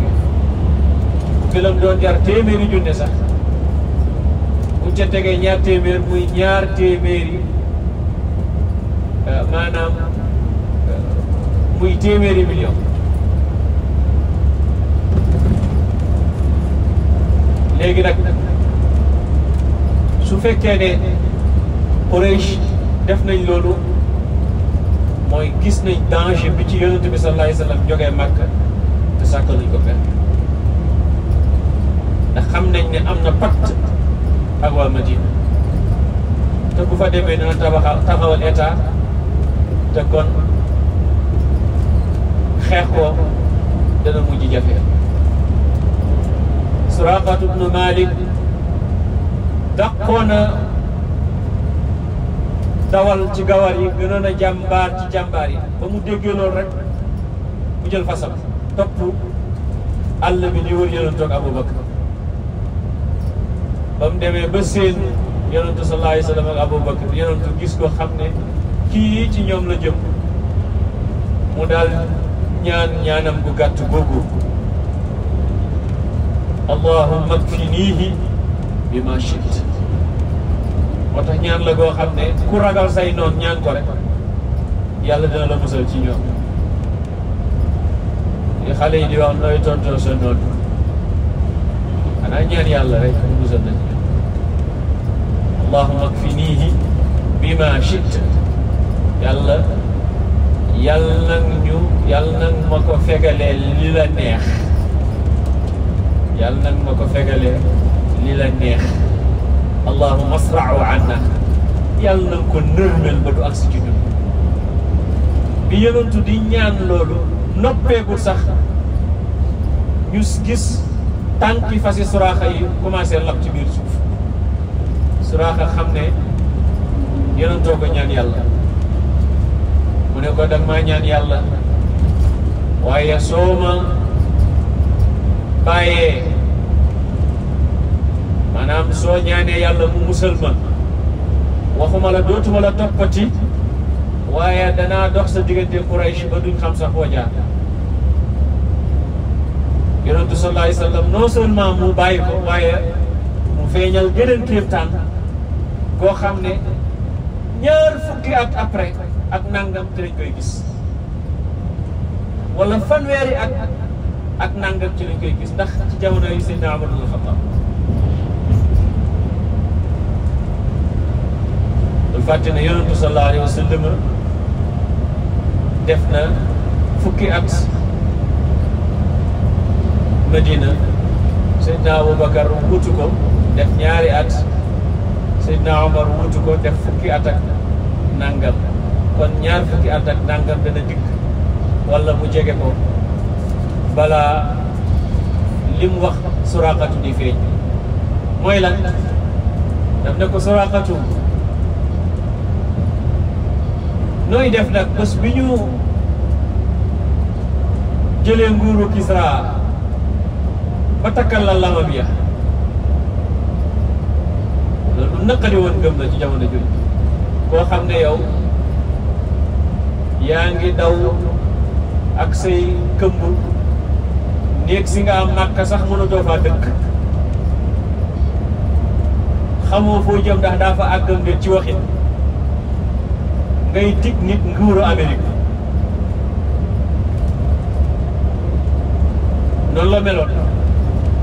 film doon jar téeméeri junne sax buñ ca tegee ñaar téeméer muy ñaar téeméeri euh, maanaam euh, muy téeméeri million léegi nag su fekkee ne Quraysh def nañ loolu mooy gis na danger bi ci yonent bi sallallahu alayhi wa sallam jógee Màkka te sàkkal ko pexe ndax xam nañ ne am na pacte ak waa Madina te bu fa demee dana tabaxal taxawal kon xeex ko dana mujj jafe Suraqatu bnu Malik dàqoona dawal ci gawar yi gënoon a jàmbaar ci jàmbaar yi ba mu déggee loolu rek mu jël fasam topp àll bi li wër yonent ak Aboubacar ba mu demee ba seen yonent sallallahu alayhi wa sallam ak Aboubacar yonent gis ko xam ne kii ci ñoom la jëm mu daal ñaan ñaanam gu gàtt googu allahumma kfinihi bi ma moo ñaan la goo xam ne ku ragal say noon ñaan ko rek yàlla dina la musal ci ñoom li xale yi di wax nooy tontoo sa noon xanaa ñaan yàlla rek mu musal na allahuma akfinihi bima chit yàlla yàlla nag ñu yàlla nag ma ko fegalee li la neex yàlla nag ma ko fegalee li la neex allahuma asra'u anna yàlla na nga ko nërmel ba du agsi ci ñun bi yonentu di ñaan loolu noppeegul sax ñu gis tànki fasi suraaxa yi commencé lab ci biir suuf suraaxa xam ne yonentoo ko ñaan yàlla mu ne ko danga maa ñaan yàlla waaye soo ma bàyyee maanaam soo ñaanee yàlla mu musal waxuma la dootuma la toppati waaye danaa dox sa diggante Quraysh ba duñ xam sax foo jaar yonentu sallallahu alayhi wa sallam non seulement mu bàyyi ko waaye mu feeñal gëneen kéemtaan koo xam ne ñaar fukki at après ak nangam te lañ koy gis wala fanweeri ak ak nangam ci lañ koy gis ndax ci jamono yi Seydina Umar ibn Khattab bul fàtte ne yonentu sallallahu alayhi wa def na fukki at Medina Seydina Aboubacar wutu ko def ñaari at Seydina Omar wutu ko def fukki at ak nangam kon ñaar fukki at ak nangam dana dikk wala mu jege ko balaa li wax suraqatu di feeñ mooy lan daf ne ko suraqatu nooy def nag bés bi ñu jëlee nguuru Kisra ba takkal la lamam ya loolu naqari woon gëm na ci jamono jooju koo xam ne yow yaa ngi daw ak say këmb néeg si nga am màkka sax mënatoo faa dëkk xamoo foo jëm ndax daa fa àggam de ci waxit ngay dig nit nguuru Amérique loolu la meloon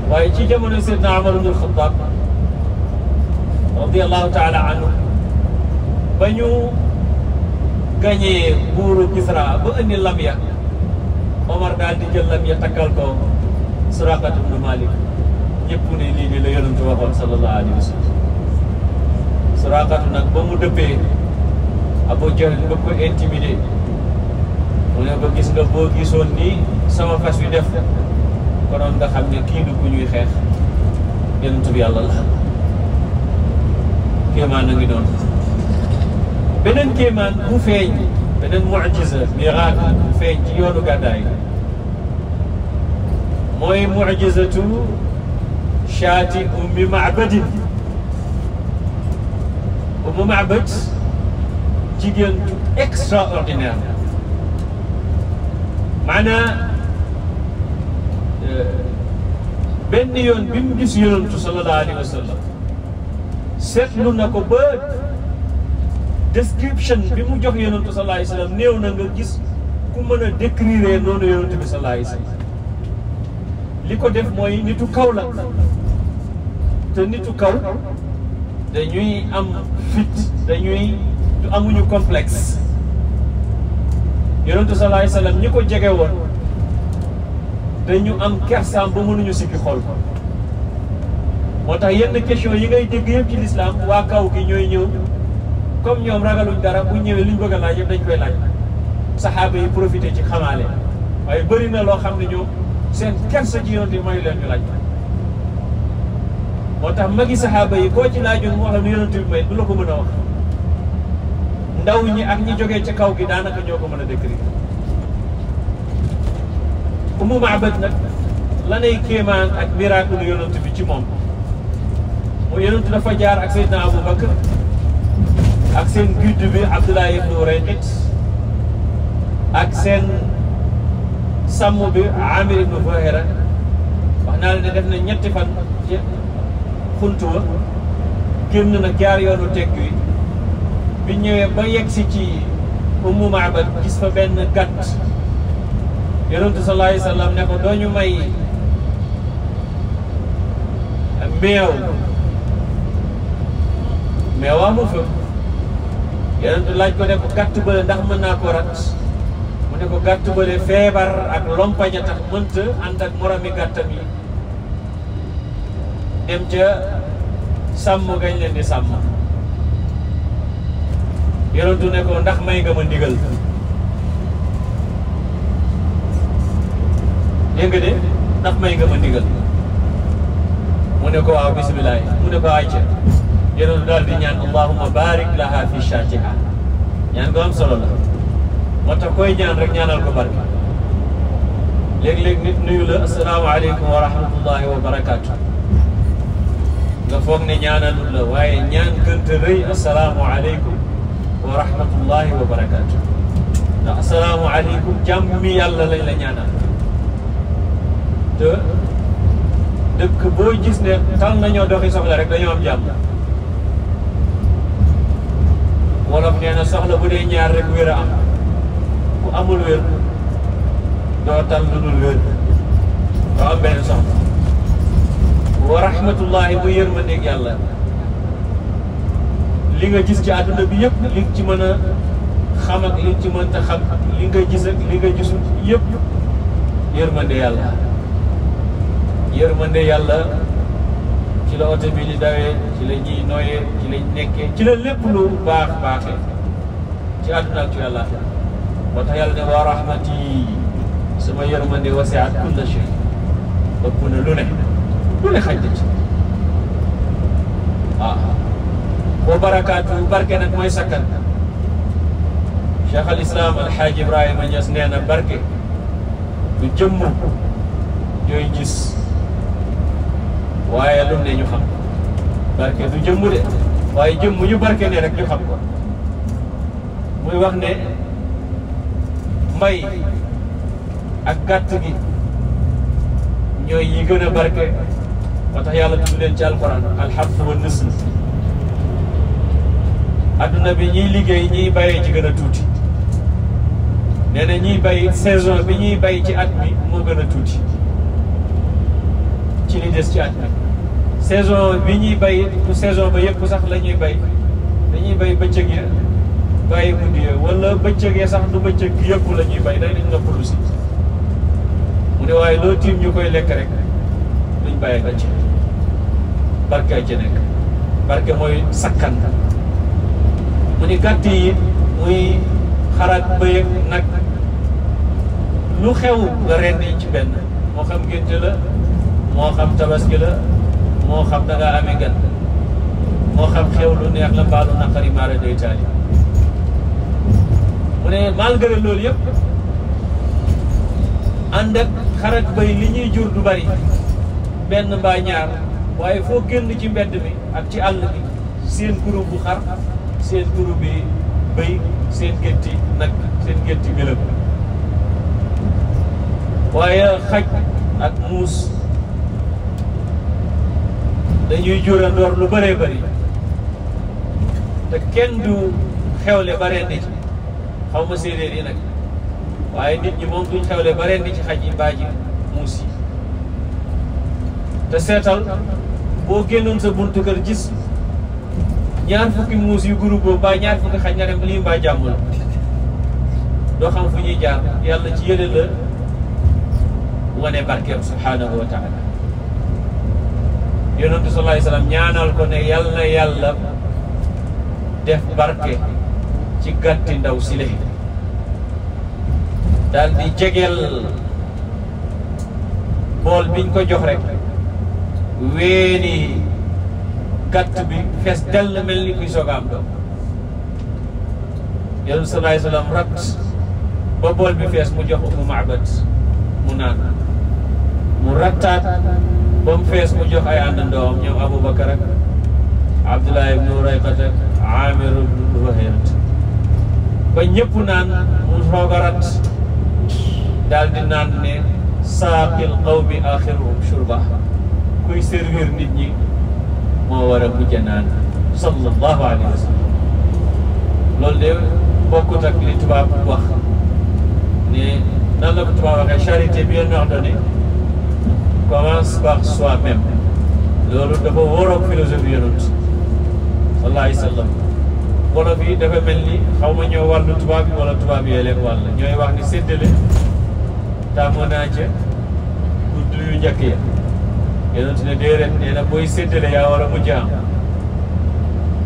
waaye ci jamono Seydina Umar ibn Xattaab radiyallahu taala anhu ba gañee buuru Kisra ba indi lam ya Omar daal di jël lam ya takkal ko Suraqat Malik ñëpp ne lii de la yonent waxoon sallallahu alayhi wa nag ba mu dëppee Abu Jahl bëgg ko intimider mu ne ba gis nga boo gisoon nii sama fas wi def konoon nga xam ne kii du ku ñuy xeex yonent bi yàlla la kéemaan na ngi doon beneen kéemaan bu feeñ beneen mucjisa miracle feeñ ci yoonu gàddaay mooy mucjisatu shaati ummi macbadin ummu macbad jigéen ju extraordinaire maanaam euh, benn yoon bi mu gis yonantu sallallahu alayhi seetlu na ko ba description bi mu jox yonantu sallallahu alayhi wa na nga gis ku mën a décrire noonu yonantu bi sallallahu alayhi li ko def mooy nitu kaw la te nitu kaw dañuy am fit dañuy du amuñu complexe yonentu sallallahu alayhi wasallam ñi ko jege woon dañu am kersaam ba mënuñu sikki xol moo tax yenn question yi ngay dégg yëpp ci lislaam waa kaw gi ñooy ñëw comme ñoom ragaluñ dara bu ñëwee liñ bëgg a laaj yëpp dañ koy laaj saxaaba yi profité ci xamaale waaye bëri na loo xam ne ñoom seen kersa ci yonent yi mayu leen ñu laaj moo tax magi saxaaba yi koo ci laajoon moo xam ne yonent bi may du la ko mën a wax ndaw ñi ak ñi jógee ci kaw gi daanaka ñoo ko mën a décrire Umu Mabad nag lanay kéemaan ak miracle yonent bi ci moom mu yonent dafa jaar ak Seydina Abu Bakr ak seen guide bi Abdullah ibn Urayqit ak seen sàmm bi Amir ibn Fuhayra wax naa la ne def ñetti fan xunt wa génn na jaar yoonu tegg bi ñëwee ba yegg si ci Ummu Ma'bad gis fa benn gàtt yonentu sallallahu alayhi ne ko doo ñu may meew meewaa mu fa yonentu laaj ko ne ko gàtt bële ndax mën naa ko rat mu ne ko gàtt bële feebar ak lompañ a tax mënta ànd ak moromi gàttam yi dem ca sàmm gañ leen di sàmm yonentu ne ko ndax may nga ma ndigal dégg nga ndax may nga ma ndigal mu ne ko waaw bisimilah mu ne ko ayca yonentu daal di ñaan allahumma barik laha fi shatiha ñaan ko am solo la moo tax koy ñaan rek ñaanal ko barke léeg-léeg nit nuyu la asalaamaaleykum wa rahmatullahi wa barakaatu nga foog ne ñaanalul la waaye ñaan gënta rëy asalaamaaleykum wa rahmatullahi wa barakaatu ndax asalaamu aleykum yàlla lañ la ñaanal te dëkk boo gis ne tal nañoo doxi soxla rek dañoo am jàmm wolof nee na soxla bu dee ñaar rek wér a am ku amul wér doo tal lu wér doo am beneen soxla wa rahmatullahi bu yërmandeeg yàlla li nga gis ci àdduna bi yëpp li nga ci mën a xam ak li ci mënta xam li nga gis ak li nga gisul yëpp yërmande yàlla yërmande yàlla ci la oto dawee ci la ñuy nooyee ci lañ nekkee ci la lépp lu baax baaxee ci àdduna ak ci yàlla moo yàlla ne waa rahmati sama yërmande wasiat kulla shay ëpp na lu ne lu ne xaj na wa barakaatu barke nag mooy sakkan cheikh al islam alxaaj ibrahima Niass nee na barke du jëmm yooy gis waaye lu ne ñu xam barke du jëmm de waaye jëmm ñu barke ne rek ñu xam wax ne mbay ak gàtt gi ñooy yi gën a barke moo tax yàlla tudd leen ci alquran alxarfu wa nisl adduna bi ñuy liggéey ñiy bàyyee ci gën a tuuti nee na ñiy bay saison bi ñuy bay ci at bi moo gën a tuuti ci li ci at mi saison bi ñuy bay saison ba yëpp sax la ñuy bay dañuy bay bëccëg ya bàyyi guddi ba wala bëccëg ya sax du bëccëg yëpp la ñuy bay day dañ noppalu si mu ne waaye loo tiim ñu koy lekk rek duñ bàyyi ba ci barke ci nekk barke mooy sakkan mu ni gàtt yi muy xarak bëy ak nag lu xew nga ren ci benn moo xam ngénte la moo xam tabaski la moo xam da ngaa moo xam xew lu neex la mbaalu naqari maara day taali mu ne malgré loolu yëpp ànd ak xarak bëy li ñuy jur du bari benn mbaa ñaar waaye foo génn ci mbedd mi ak ci àll bi seen groupe xar seen turu bi béy seen gétti nag seen gétti gëlëm waaye xaj ak muus dañuy jura lu bëree bari te kenn du xewle ba rendi ci xaw ma séeréer yi nag waaye nit ñi moom duñ xewle ba rendi ci xaj yi mbaa muus yi te seetal boo génnoon sa buntu kër gis ñaar fukki muus yu groupe boobu mbaa ñaar fukki xaj nga dem lii mbaa jàmm la doo xam fu ñuy jaar yàlla ci yële la wane barkeem subhaanahu wa taala yonentu sallallahu alayhi wasallam ñaanal ko ne yal yàlla def barke ci gàtti ndaw si le daal di jegeel bool biñ ko jox rek weeni gàtt bi fees dell mel ni kuy soog a am doom yonent bi salaay salaam rat ba bool bi fees mu jox Umu Ma'bad mu naan mu rattaat ba mu fees mu jox ay àndandoom ñoom Aboubacar ak Abdullah ibnu Urayqat ak Aamir ibnu Zuhayrat ba ñëpp naan mu soog a rat daal di naan ne saaqil qawmi axiruhum shurba kuy servir nit ñi moo war a mujj naan sallallahu alayhi wa sallam loolu de bokkut ak li tubaab wax ne nan la ko tubaab waxee charité bien ordonnée commence par soi-même loolu dafa wóoroog philosophie yonent sallallahu alayhi wa sallam wolof yi dafa mel ni xaw ma ñoo wàllu tubaab bi tubaab yee leen wàll ñooy wax ni séddale taamu naa ca gudd yu njëkk yonent ne déedéet nee na booy séddale yaa war a mujj am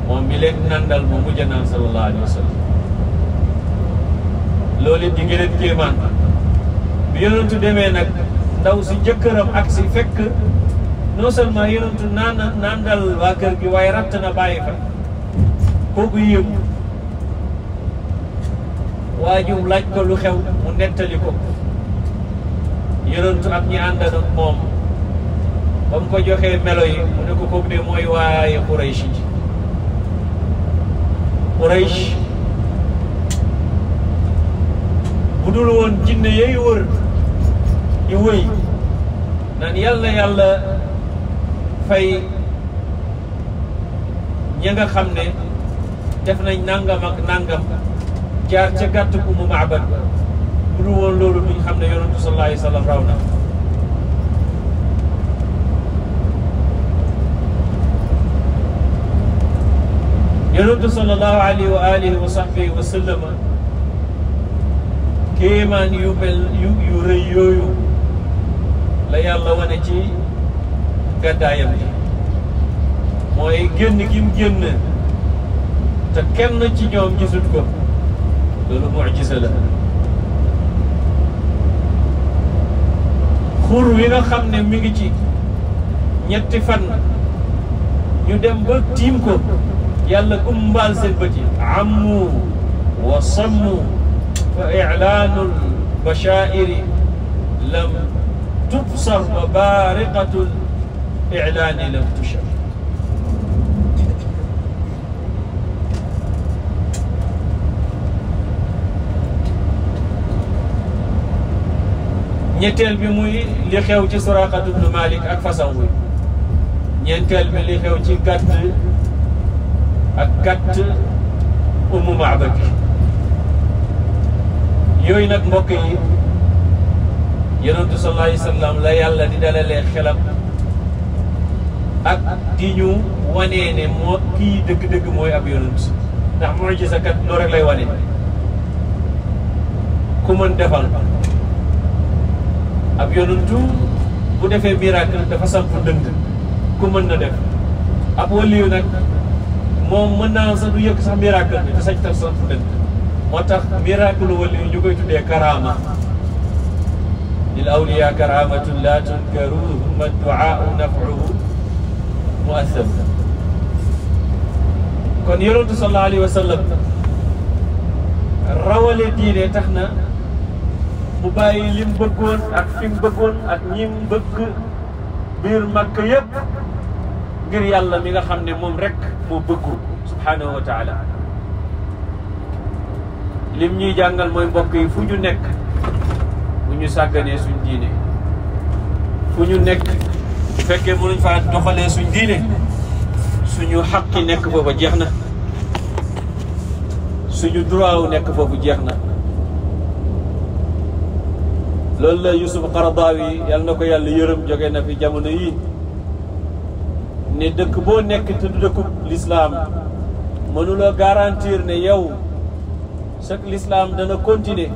moom mi leen nandal mu mujj naan sallallahu alayhi wa sallam loolu it di ngi leen bi yonentu demee nag ndaw si jëkkëram ak si fekk non seulement yonentu naan nandal waa kër gi waaye ratt na bàyyi fa kooku yëngu waajum laaj ko lu xew mu nettali ko yonentu ak ñi àndal moom ba ko joxe melo yi mu ne ko kooku de mooy waaye Quraysh ji Quraysh bu dul woon jinne yay wër ñu wëy naan yàlla yàlla fay ña nga xam ne def nañ nangam ak nangam jaar ca gàtt ku mu maabat bu dul woon loolu duñ xam ne yonentu sallallahu alayhi wa sallam raw na yonentu sallallahu alayhi wa wa sahbihi wa sallama kéemaan yu yu yu yooyu la yàlla wane ci gàddaayam bi mooy génn gi mu génn te kenn ci ñoom gisut ko loolu mucjisa la xur wi nga xam ne mi ngi ci ñetti fan ñu dem ba tiim ko yàlla gumbaal seen bët yi ammu wa sammu fa ilaanul bashaa'iri lam tubsar mabaariqatul ilaani lam tushar ñetteel bi muy li xew ci Suraaqa ibnu Maalik ak façon wi ñeenteel bi li xew ci gàtt ak gàtt ummu maaba yooyu nag mbokk yi yonentu sallallahu alayhi la yàlla di dalalee xelam ak di ñu wanee ne moo kii dëgg-dëgg mooy ab yonent ndax mooy ci sa kat loolu rek lay wane ku mën defal ab yonentu bu defee miracle dafa samp dënd ku mën na def ab waliyu nag moom mën naa sax du yëg sax miracle bi te sañ tam sant dëkk moo tax miracle wala ñu koy tuddee karama lil awliya karamatun la tunkaruhu ma duaau nafruhu mu assam kon yonentu sallallahu alayhi wa sallam rawale diine tax na mu bàyyi lim bëggoon ak fi mu bëggoon ak ñim bëgg biir Makka yëpp ngir yàlla mi nga xam ne moom rekk moo bëggu subhaanahu wa taala lim ñuy jàngal mooy mbokk yi fu ñu nekk bu ñu sàgganee suñ diine fu ñu nekk bu fekkee mënuñ faa doxalee suñ diine suñu xaqi nekk foofu jeex na suñu droit wu nekk foofu jeex na loolu la Yusuf Qaradawi yàlla na ko yàlla yërëm jóge na fi jamono yii ne dëkk boo nekk te du dëkkub lislaam mënuloo garantir ne yow chaque lislaam dana continuer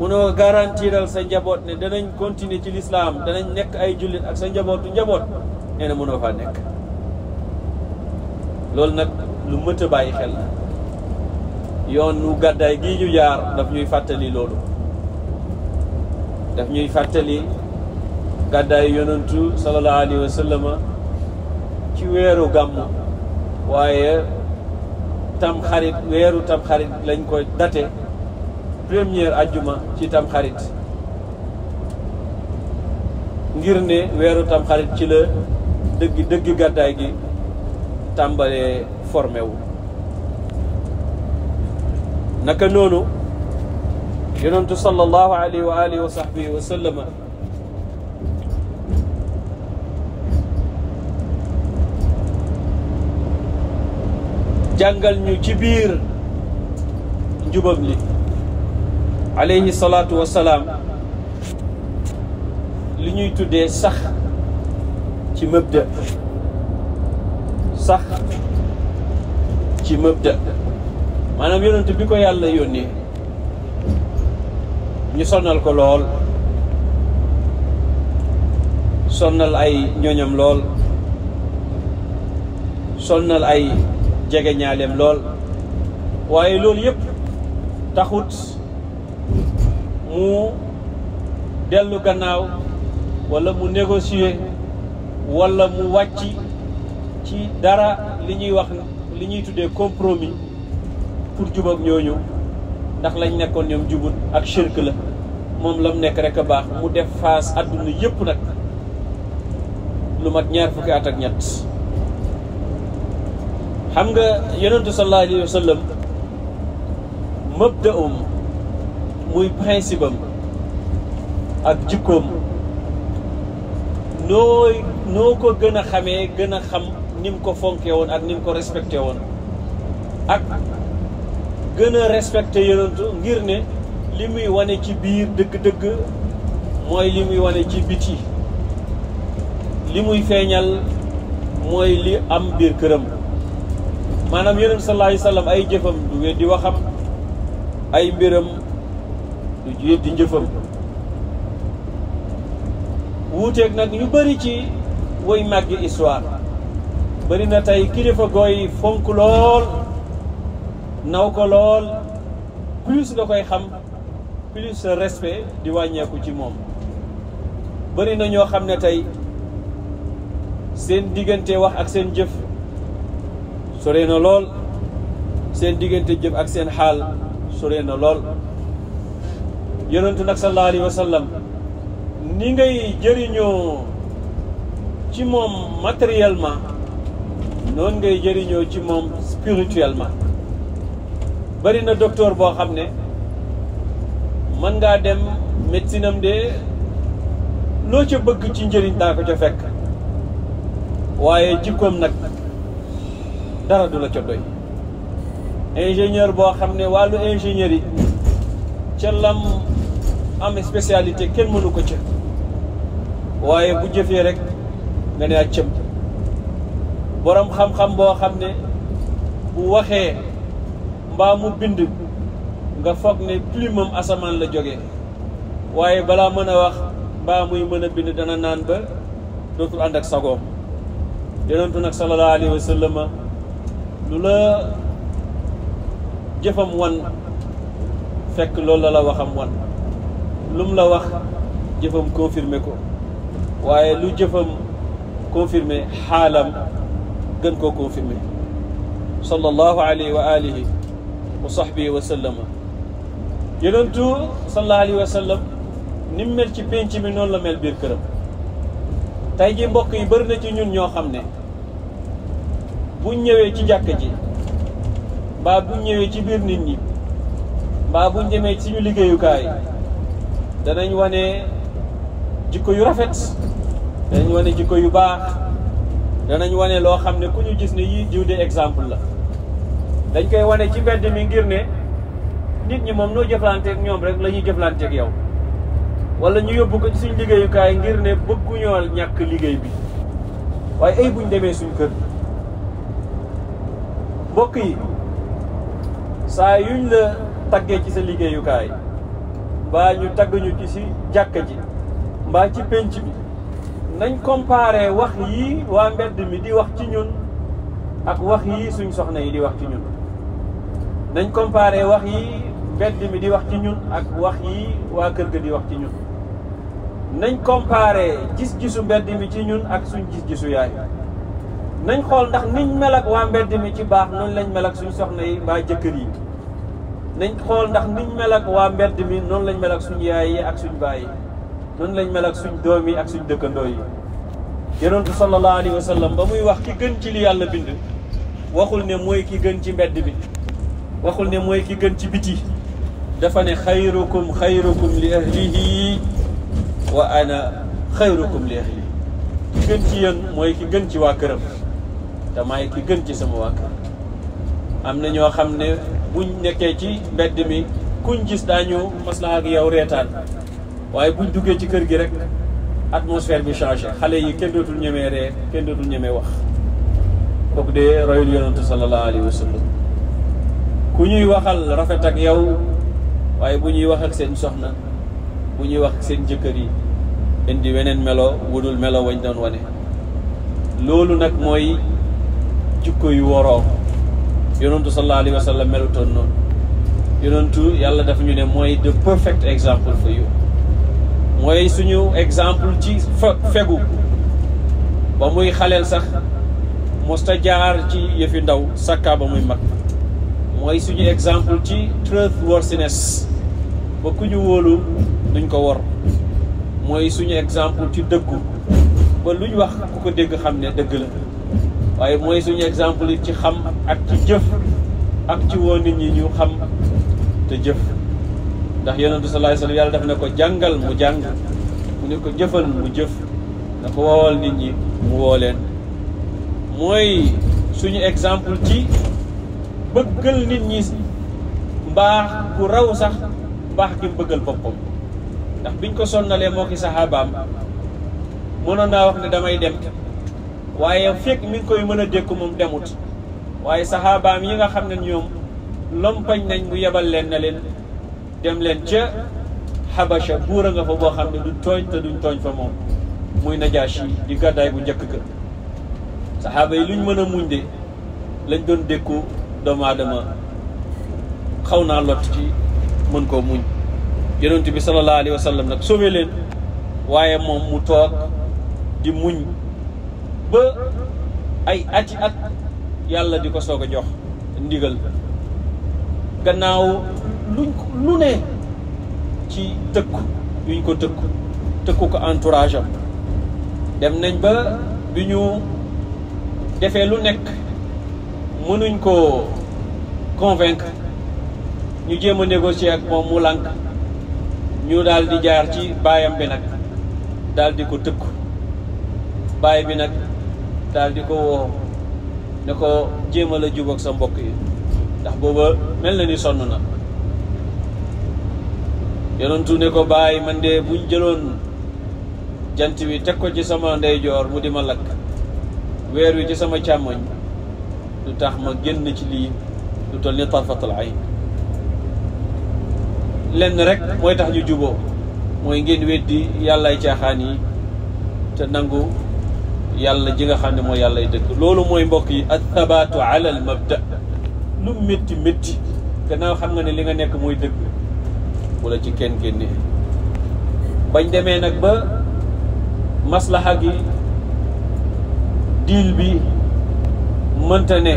mënoo garantiral sa njaboot ne danañ continuer ci lislaam danañ nekk ay jullit ak sa njabootu njaboot nee na mënoo faa nekk loolu nag lu mët a bàyyi xel la yoon wu gàddaay gii ñu jaar daf ñuy fàttali loolu daf ñuy fàttali gàddaayu yonantu sallallahu alayhi wa ci weeru gàmmu waaye tamxarit weeru tamxarit lañ koy date première ajjuma ci tamxarit ngir ne weeru tamxarit ci la dëgg dëgg gàddaay gi tàmbalee formé naka noonu yonentu sallallahu alayhi wa wa sahbihi wa sallama jàngal ñu ci biir njubam li alayhi salaatu wasalaam li ñuy tuddee sax ci mëbda sax ci mëbda maanaam yonent bi ko yàlla yónnee ñu sonal ko lool sonnal ay ñoñam lool sonnal ay jege ñaaleem lool waaye loolu yëpp taxut mu dellu gannaaw walla mu négocier walla mu wàcc ci dara li ñuy wax li ñuy tuddee compromis pour jub ak ñooñu ndax lañ nekkoon ñoom jubut ak shirk la moom lam nekk rek a baax mu def face àdduna yëpp nag lu mat ñaar fukki at ak ñett xam nga yonentu sallallahu alayhi wa sallam mabdaum muy principam ak jikkoom nooy noo ko gën a xamee gën a xam ni mu ko fonkee woon ak ni mu ko respecté woon ak gën a respecté yonentu ngir ne li muy wane ci biir dëgg-dëgg mooy li muy wane ci biti li muy feeñal mooy li am biir këram maanaam yeneen sa alayhi wasallam ay jëfam du weddi waxam ay mbiram du weddi njëfam wuuteeg nag ñu bëri ci woy màggi histoire bëri na tey kilifa gooy fonk lool naw ko lool plus nga koy xam plus sa respect di wàññeeku ci moom bëri na ñoo xam ne tey seen diggante wax ak seen jëf sore na lool seen diggante jëf ak seen xaal sore na lool yonentu nag sallallahu alayhi wa ni ngay jëriñoo ci moom matériellement noonu ngay jëriñoo ci moom spirituellement bari na docteur boo xam ne mën ngaa dem médecine de loo ca bëgg ci njëriñ daa ko ca fekk waaye jikkoom nag dara du la ca doy ingénieur boo xam ne wàllu ingénieur yi ca lam am spécialité kenn mënu ko ca waaye bu jëfee rek nga ne cëm boroom xam-xam boo xam ne bu waxee mbaa mu bind nga foog ne plumam asamaan la jógee waaye balaa mën a wax mbaa muy mën a bind dana naan ba dootul ànd ak sagoom yonentu nag sallallahu alayhi wa lu la jëfam wan fekk loolu la la waxam wan lu mu la wax jëfam confirmé ko waaye lu jëfam confirmé xaalam gën ko confirmé sallallahu alayhi wa alihi wa sahbihi wa sallama yonentu sallallahu alayhi wa sallam ni mu mel ci pénc mi noonu la mel biir këram tey ji mbokk yi bëri na ci ñun ñoo xam ne buñ ñëwee ci jàkk ji mbaa buñ ñëwee ci biir nit ñi mbaa buñ demee suñu liggéeyukaay danañ wane jikko yu rafet danañ wane jikko yu baax danañ wane loo xam ne ku ñu gis ne yii jiw de exemple la dañ koy wane ci mbedd mi ngir ne nit ñi moom noo jëflanteeg ñoom rek lañuy ñuy yow wala ñu yóbbu ko ci suñ liggéeyukaay ngir ne bëgguñoo ñàkk liggéey bi waaye ay buñ demee suñu kër mbokk yi saa yuñ la taggee ci sa liggéeyukaay mbaa ñu tagguñu ci si jàkka ji mbaa ci pénc bi nañ comparé wax yii waa mbedd mi di wax ci ñun ak wax yii suñ soxna yi di wax ci ñun nañ comparé wax yii mbedd mi di wax ci ñun ak wax yii waa kër ga di wax ci ñun nañ comparé gis-gisu mbedd mi ci ñun ak suñ gis-gisu yaay nañ xool ndax niñ mel waa mbedd mi ci baax noonu lañ mel ak suñu soxna yi mbaa jëkkër yi nañ xool ndax niñ mel waa mbedd mi noonu lañ mel ak yaay yi ak suñu baay yi noonu lañ mel ak suñu doom yi ak suñ dëkkandoo yi. yonent bi sallallahu alayhi wa sallam ba muy wax ki gën ci li yàlla bind waxul ne mooy ki gën ci mbedd bi ne mooy ki gën ci biti dafa ne xayrukum xayrukum li ahlihi wa ana xayrukum li ahlihi ki gën ci yéen mooy ki gën ci waa këram. te ki gën ci sama waa kër am na ñoo xam ne buñ nekkee ci mbedd mi kuñ gis daañu maslaa ak yow reetaan waaye bu duggee ci kër gi rek atmosphère bi changé xale yi kenn dootul ñemee ree kenn dootul ñemee wax kooku de royul yonantu sallallahu alayhi wa ku ñuy waxal rafet ak yow waaye bu ñuy wax ak seen soxna bu ñuy wax ak seen jëkkër yi indi weneen melo wudul melo wañ doon wane loolu nag mooy jukko yu woroo yonentu sallallahu alayhi wa sallam melutoon noonu yonentu yàlla dafa ñu ne mooy the perfect example for you mooy suñu exemple ci fegu ba muy xaleel sax mosta jaar ci yëfi ndaw sakka ba muy mag mooy suñu exemple ci trustworthiness ba ku ñu wóolu duñ ko wor mooy suñu exemple ci dëggu ba luñ wax ku ko dégg xam ne dëgg la waaye mooy suñu exemple yi ci xam ak ci jëf ak ci woo nit ñi ñu xam te jëf ndax yonentu sallallahu alayhi wasallam yàlla def na ko jàngal mu jàng mu ne ko jëfal mu jëf na ko woowal nit ñi mu woo leen mooy suñu exemple ci bëggal nit ñi mbaax ku raw sax mbaax ki mu bëggal boppam ndax biñ ko sonnalee moo ki saxaabaam mënoon naa wax ne damay dem waaye fekk mi koy mën a dékk moom demut waaye saxaabaam yi nga xam ne ñoom lompañ nañ mu yebal leen na leen dem leen ca xabasha buur a nga fa boo xam ne du tooñ te duñ tooñ fa moom muy najaasi di gàddaay bu njëkk gën saxaaba yi luñ mën a muñ de lañ doon dékku doomu aadama xaw naa lott ci mën koo muñ yonent bi sallallahu alayhi wa sallam nag sauvé leen waaye moom mu toog di muñ ba ay ati at yàlla di ko soog a jox ndigal gannaaw luñ lu ne ci tëkku yuñ ko tëkku tëkku ko entourage dem nañ ba bi ñu defee lu nekk mënuñ koo convaincre ñu jéem a négocier ak moom mu lànk ñu daal jaar ci baayam bi nag daldi ko tëkku baay bi nag daal di ko woo ne ko jéemal a jub ak sa mbokk yi ndax booba mel na ni sonn na yonentu ne ko bàyyi man de buñ jëloon jant wi teg ko ci sama ndeyjoor mu di ma lakk weer wi ci sama càmmoñ lu tax ma génn ci lii lu toll ni tarfatal ayn lenn rek mooy tax ñu juboo mooy ngeen weddi yàllaay caaxaan yi te nangu yàlla ji nga xam ne mooy yàllay dëgg loolu mooy mbokk yi ak tabaatu ala al mabda lu métti métti gannaaw xam nga ne li nga nekk mooy dëgg walla ci kenn génne bañ demee nag ba maslaha gi diil bi mënta ne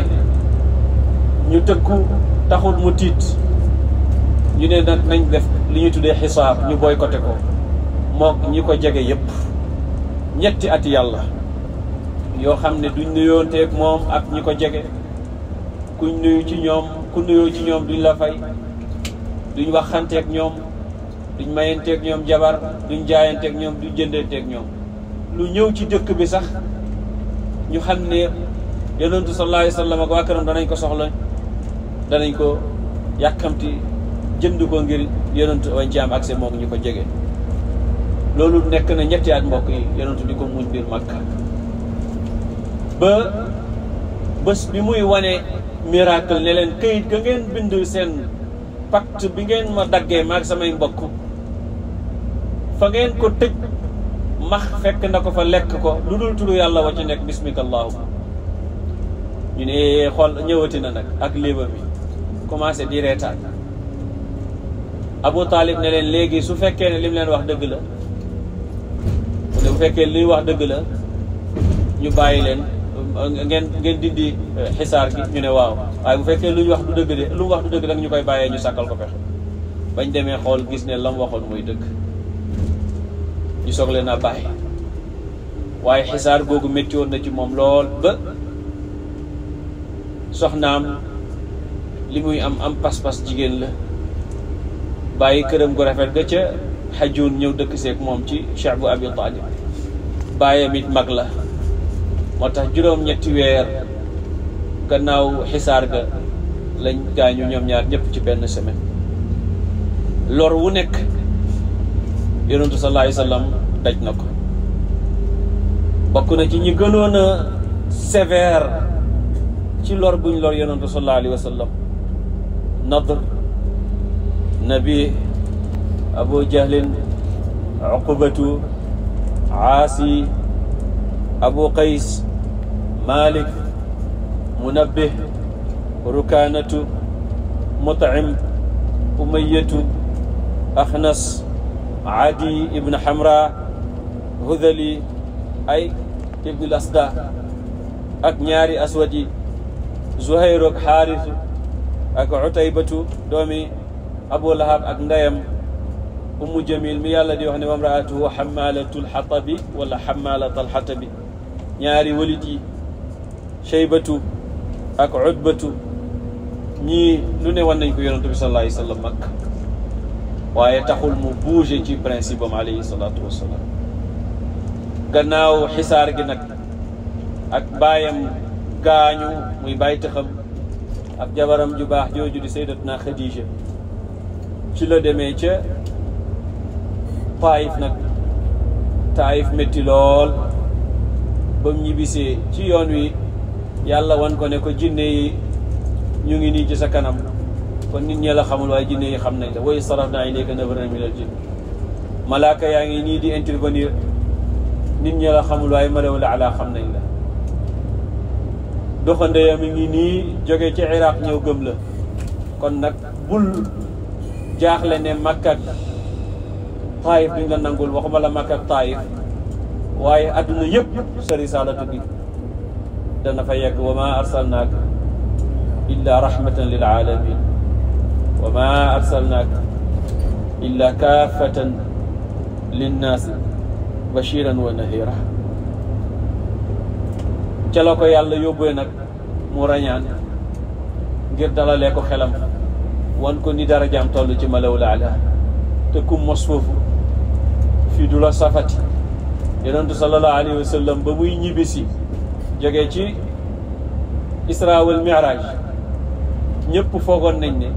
ñu tëkku taxul mu tiit ñu ne nag nañ def li ñu tuddee xisaab ñu boycotté ko mook ñi ko jege yépp ñetti at yàlla yoo xam ne duñ nuyoonteeg moom ak ñi ko jege ku nuyu ci ñoom ku nuyoo ci ñoom duñ la fay duñ waxanteeg ñoom duñ mayanteeg ñoom jabar duñ jaayanteeg ñoom duñ jëndanteeg ñoom lu ñëw ci dëkk bi sax ñu xam ne yonentu sallallahu alayhi wa ak waa danañ ko soxla danañ ko yàkkamti jënd ko ngir yonentu wañ ci am moom ñu ko jege loolu nekk na ñetti at mbokk yi yonentu di ko muñ biir Makka ba bés bi muy wane miracle ne leen këyit ga ngeen bind seen pacte bi ngeen ma daggee maag samay mbokk fa ngeen ko tëj max fekk na ko fa lekk ko lu dul tudd yàlla wa nekk bismika allahu ñu ne eh, xool ñëwati na nag ak léeba bi commencé di reetaan Abu Talib ne léegi su fekkee ne li mu leen wax dëgg la mu fekkee li wax dëgg la ñu bàyyi leen ngeen ngeen dindi eh, xisaar gi ñu ne waaw waaye bu fekkee lu ñu wax du dëgg de lu wax du dëgg nag ñu koy bàyyee ñu sàkkal ko pexe bañ demee xool gis ne lam waxoon mooy dëgg ñu soog leen a bàyyi waaye xisaar googu métti na ci moom lool ba soxnaam li muy am am pas-pas jigéen la bàyyi këram gu rafet ga ca xajuun ñëw dëkk seeg moom ci cheikh bu abi talib bàyyam it mag la moo tax juróom-ñetti weer gannaaw xisaar ga lañ gaañu ñoom ñaar ñëpp ci benn semaine lor wu nekk yonentu sallallahu alayhi wasallam daj na ko bokk na ci ñi gënoon a sévère ci lor buñ lor yonentu sallallahu alayhi wasallam nadr nabi abu jahlin uqubatu aasi abu qays malik munabbih rukaanatu mut'im umayatu axnas adi ibn hamra hudali ay ibnul asda ak ñaari aswad yi zuhayr ak xaarisu ak utaybatu doomi abu lahab ak ndeyam ummu jamil mi yàlla di wax ne wa mraatuhu xamalatul xatabi wala xamalatal xatabi ñaari walit yi shaybatu ak utbatu ñii lu ne wan nañ ko yonantu bi sallallahu alayhi wa mag waaye taxul mu bouger ci principe am alayhi salaatu wasalaam gannaaw xisaar gi nag ak baayam gaañu muy bàyyi taxam ak jabaram ju baax jooju di sayyidatna Khadija ci la demee ca Taif nag Taif métti lool ba mu ñibbisee ci yoon wi yàlla wan ko ne ko jinne yi ñu ngi nii ci sa kanam kon nit ñi la xamul waaye jinne yi xam nañ la way saraf naa ilayka nafaran minal jinn malaaka yaa ngi nii di intervenir nit ñi la xamul waaye malawul ala xam nañ la doxandeyam mi ngi nii jóge ci iraq ñëw gëm la kon nag bul jaaxle ne makkat taayif duñ la nangul waxuma la makkat taayif waaye adduna yëpp sa risalatu bi dana fa yegg wa ma arsalnaaka illa rahmatan lil alamin wa ma arsalnaaka illa kaafatan linnaasi bashiran wa nahira ca la ko yàlla yóbbee nag mu rañaan ngir dalalee ko xelam wan ko ni dara jaam toll ci malaw la ala te ku mos foofu fii du la safati yonentu sallallahu alayhi wa sallam ba muy ñibbisi jógee ci isra wal mi'raj ñëpp foogoon nañ ne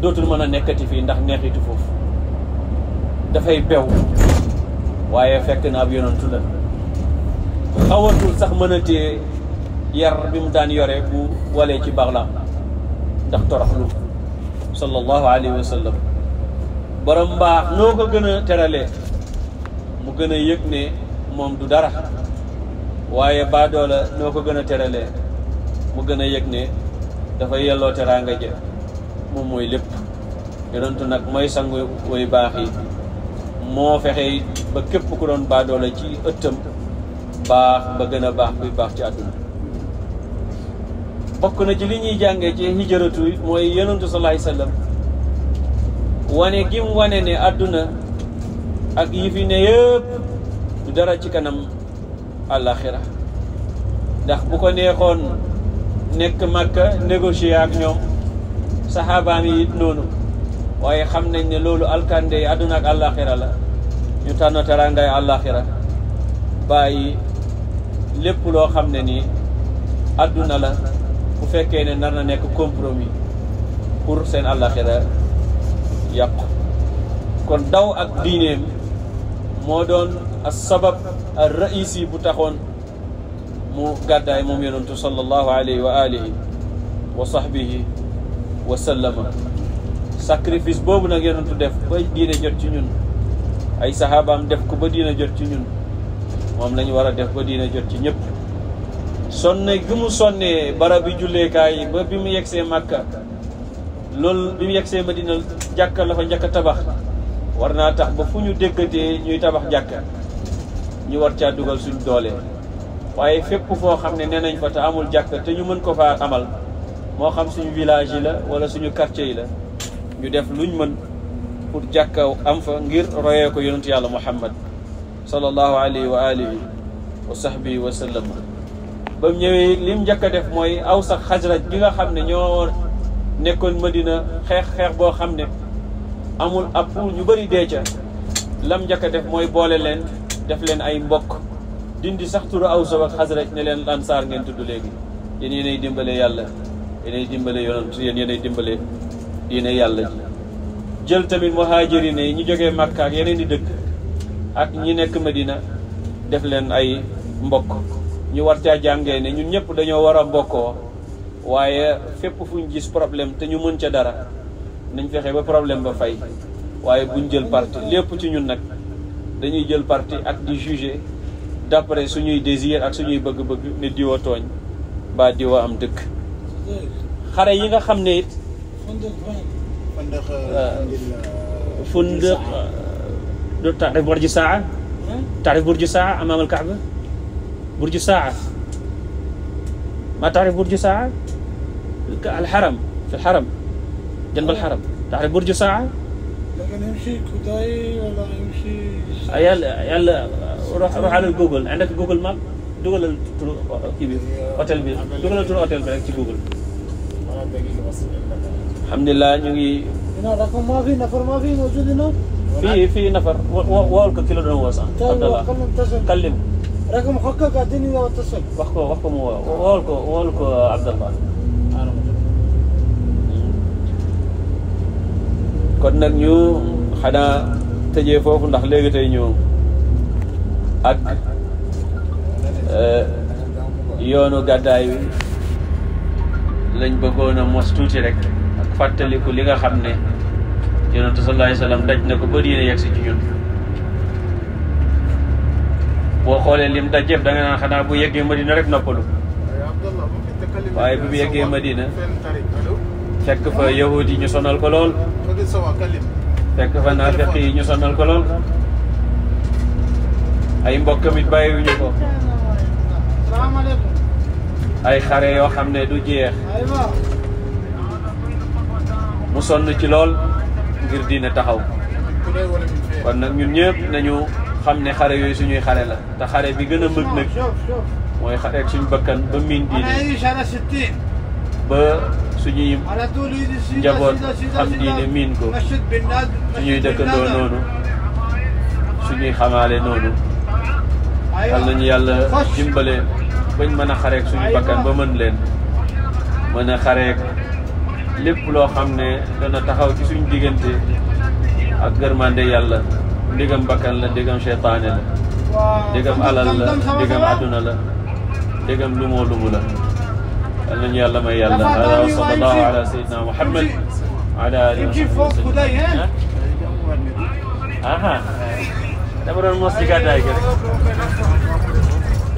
dootul mën a nekkati fii ndax neexitu foofu dafay bew waaye fekk na ab yonantu la xawatul sax mën a téye yar bi mu daan yore bu walee ci baxlaam ndax toroxlu sallallahu alayhi wa borom mbaax noo ko gën a teralee mu gën a yëg ne moom du dara waaye baadoola noo ko gën a teralee mu gën a yëg ne dafa yelloo teraanga ja moom mooy lépp yonentu nag mooy sangu way baax yi moo fexe ba képp ku doon baadoola ci ëttam baax ba gën a baax buy baax ci àdduna bokk na ci li ñuy jàngee ci hijratu mooy yonentu salaay sallam wane gim wane ne àdduna ak yi fi ne yëpp du dara ci kanam àllaaxira ndax bu ko neexoon nekk Makka négocier ak ñoom saxaabaam yi it noonu waaye xam nañ ne loolu alkande yi àdduna ak àllaaxira la ñu tànn teraangay àllaaxira bàyyi lépp loo xam ne nii àdduna la bu fekkee ne nar na nekk compromis pour seen àllaaxira yàqu kon daw ak diineem moo doon sabab ar raisi bu taxoon mu gàddaay moom yonentu sallallahu alayhi wa alihi wa sahbihi wa sallama sacrifice boobu nag yonentu def ba diine jot ci ñun ay sahabaam def ko ba diine jot ci ñun moom nañu war a def ba diine jot ci ñëpp sonne gi mu sonnee barab bi julleekaay yi ba bi mu yegsee màkka loolu bi mu yegsee dina jàkka la fa njëkk tabax war naa tax ba fu ñu déggatee ñuy tabax jàkka ñu war caa dugal suñ doole waaye fépp foo xam ne nee nañ fa te amul jàkka te ñu mën ko faa amal moo xam suñu village yi la wala suñu quartier yi la ñu def luñ mën pour jàkka am fa ngir royee ko yonentu yàlla muhammad sallallahu alayhi wa alihi wa sahbihi wa sallam ba mu ñëwee lim njëkk a def mooy aw sax xajraj bi nga xam ne ñoo nekkoon dina xeex xeex boo xam ne amul ab pour ñu bëri dee ca lam njëkk a def mooy boole leen def leen ay mbokk dindi sax aw Aws ak Xasraj ne leen lansaar ngeen tudd léegi yéen yéenay dimbale yàlla yéenay dimbale yonent yéen yéenay dimbale diine yàlla ji jël tamit muhaajirin yi ñu jógee Makka ak yeneen di dëkk ak ñi nekk Medina def leen ay mbokk ñu war caa jàngee ne ñun ñëpp dañoo war a mbokkoo waaye fépp fu ñu gis problème te ñu mën ca dara nañ fexe ba problème ba fay waaye buñ jël parti lépp ci ñun nag dañuy jël parti ak di juger d'après suñuy désir ak suñuy bëgg-bëgg ne diwa tooñ ba diwa am dëkk xare yi nga xam ne it euh, fundëq euh, du taarif burju saa taarif burju saa amaam alkaaba burju saa ma taarif burju saa alxaram fi alxaram جنب الحرم تعرف برج ساعة؟ لكن يمشي كوداي ولا يمشي يلا يلا روح روح على الجوجل عندك جوجل ماب دوغل ترو كي بي اوتيل بي دوغل ترو اوتيل بي ci جوجل الحمد لله ñu ngi هنا رقم ما في نفر ما في موجود هنا في في نفر وولك كيلو دون واسع عبد الله كلم رقم حقك اديني واتصل واخكو واخكو وولك وولك عبد الله kon nag ñu xanaa tëjee foofu ndax léegi tey ñu ak eh, yoonu gàddaay wi lañ bëggoon a mos tuuti rek ak fàttaliku li nga xam ne yonentu sallallahu alayhi wa sallam daj na ko ba diine yegg si ci boo xoolee lim daj yëpp da naan xanaa bu yeggee Madina rek noppalu waaye bu yeggee Madina fekk fa yahud yi ñu sonal ko lool fekk fa naafeq yi ñu sonal ko lool ay mbokkam it bàyyiwuñu ko ay xare yoo xam ne du jeex mu sonn ci lool ngir diine taxaw kon nag ñun ñëpp nañu xam ne xare yooyu suñuy xare la te xare bi gën a bëgg mooy xare ak suñu ba miin diine ba suñuy njaboot xam diine miin ko suñuy dëkkandoo noonu suñuy xamaale noonu xam nañu yàlla dimbale bañ mën a xareek suñu bakkan ba mën leen mën a xareek lépp loo xam ne dana taxaw ci suñu diggante ak gërmande yàlla ndigam bakkan la ndigam seytaane la ndigam alal la ndigam adduna la ndigam lumoo lumu la yal nañu yàlla may yàlla hada wa sallallahu ala sayyidina muhammad wa ala alihi wa sahbihi aha dama doon mos ci gàddaay gi rek